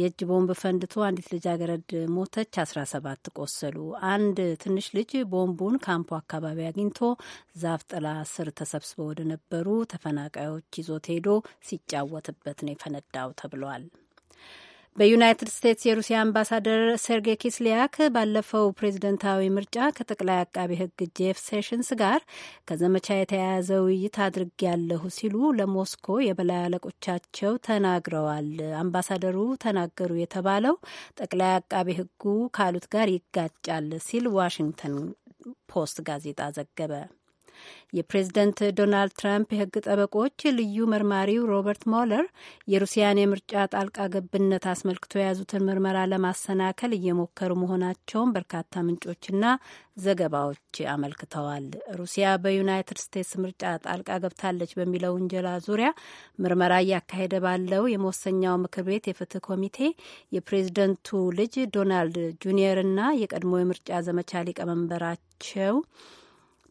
የእጅ ቦምብ ፈንድቶ አንዲት ልጃገረድ ሞተች፣ 17 ቆሰሉ። አንድ ትንሽ ልጅ ቦምቡን ካምፑ አካባቢ አግኝቶ ዛፍ ጥላ ስር ተሰብስበው ወደ ነበሩ ተፈናቃዮች ይዞት ሄዶ ሲጫወትበት ነው የፈነዳው ተብሏል። በዩናይትድ ስቴትስ የሩሲያ አምባሳደር ሰርጌ ኪስሊያክ ባለፈው ፕሬዝደንታዊ ምርጫ ከጠቅላይ አቃቢ ሕግ ጄፍ ሴሽንስ ጋር ከዘመቻ የተያያዘ ውይይት አድርግ ያለሁ ሲሉ ለሞስኮ የበላይ አለቆቻቸው ተናግረዋል። አምባሳደሩ ተናገሩ የተባለው ጠቅላይ አቃቢ ሕጉ ካሉት ጋር ይጋጫል ሲል ዋሽንግተን ፖስት ጋዜጣ ዘገበ። የፕሬዝደንት ዶናልድ ትራምፕ የህግ ጠበቆች ልዩ መርማሪው ሮበርት ሞለር የሩሲያን የምርጫ ጣልቃ ገብነት አስመልክቶ የያዙትን ምርመራ ለማሰናከል እየሞከሩ መሆናቸውን በርካታ ምንጮችና ዘገባዎች አመልክተዋል። ሩሲያ በዩናይትድ ስቴትስ ምርጫ ጣልቃ ገብታለች በሚለው ውንጀላ ዙሪያ ምርመራ እያካሄደ ባለው የመወሰኛው ምክር ቤት የፍትህ ኮሚቴ የፕሬዝደንቱ ልጅ ዶናልድ ጁኒየርና የቀድሞ የምርጫ ዘመቻ ሊቀመንበራቸው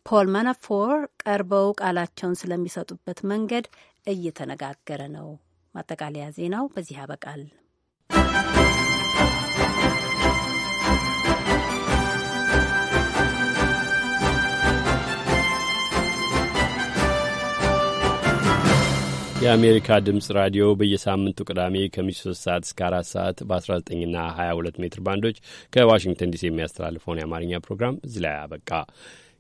ፖል ማናፎር ቀርበው ቃላቸውን ስለሚሰጡበት መንገድ እየተነጋገረ ነው። ማጠቃለያ ዜናው በዚህ ያበቃል።
የአሜሪካ ድምፅ ራዲዮ በየሳምንቱ ቅዳሜ ከምሽቱ 3 ሰዓት እስከ 4 ሰዓት በ19ና 22 ሜትር ባንዶች ከዋሽንግተን ዲሲ የሚያስተላልፈውን የአማርኛ ፕሮግራም እዚህ ላይ አበቃ።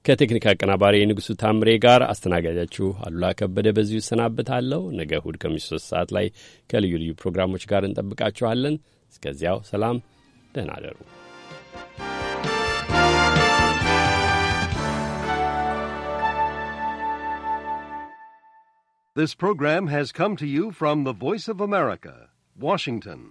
ከቴክኒክ አቀናባሪ ንጉሱ ታምሬ ጋር አስተናጋጃችሁ አሉላ ከበደ በዚሁ እሰናበታለሁ። ነገ እሁድ ከምሽቱ ሶስት ሰዓት ላይ ከልዩ ልዩ ፕሮግራሞች ጋር እንጠብቃችኋለን። እስከዚያው ሰላም፣ ደህና አደሩ።
This program has come to you from the Voice of America, Washington.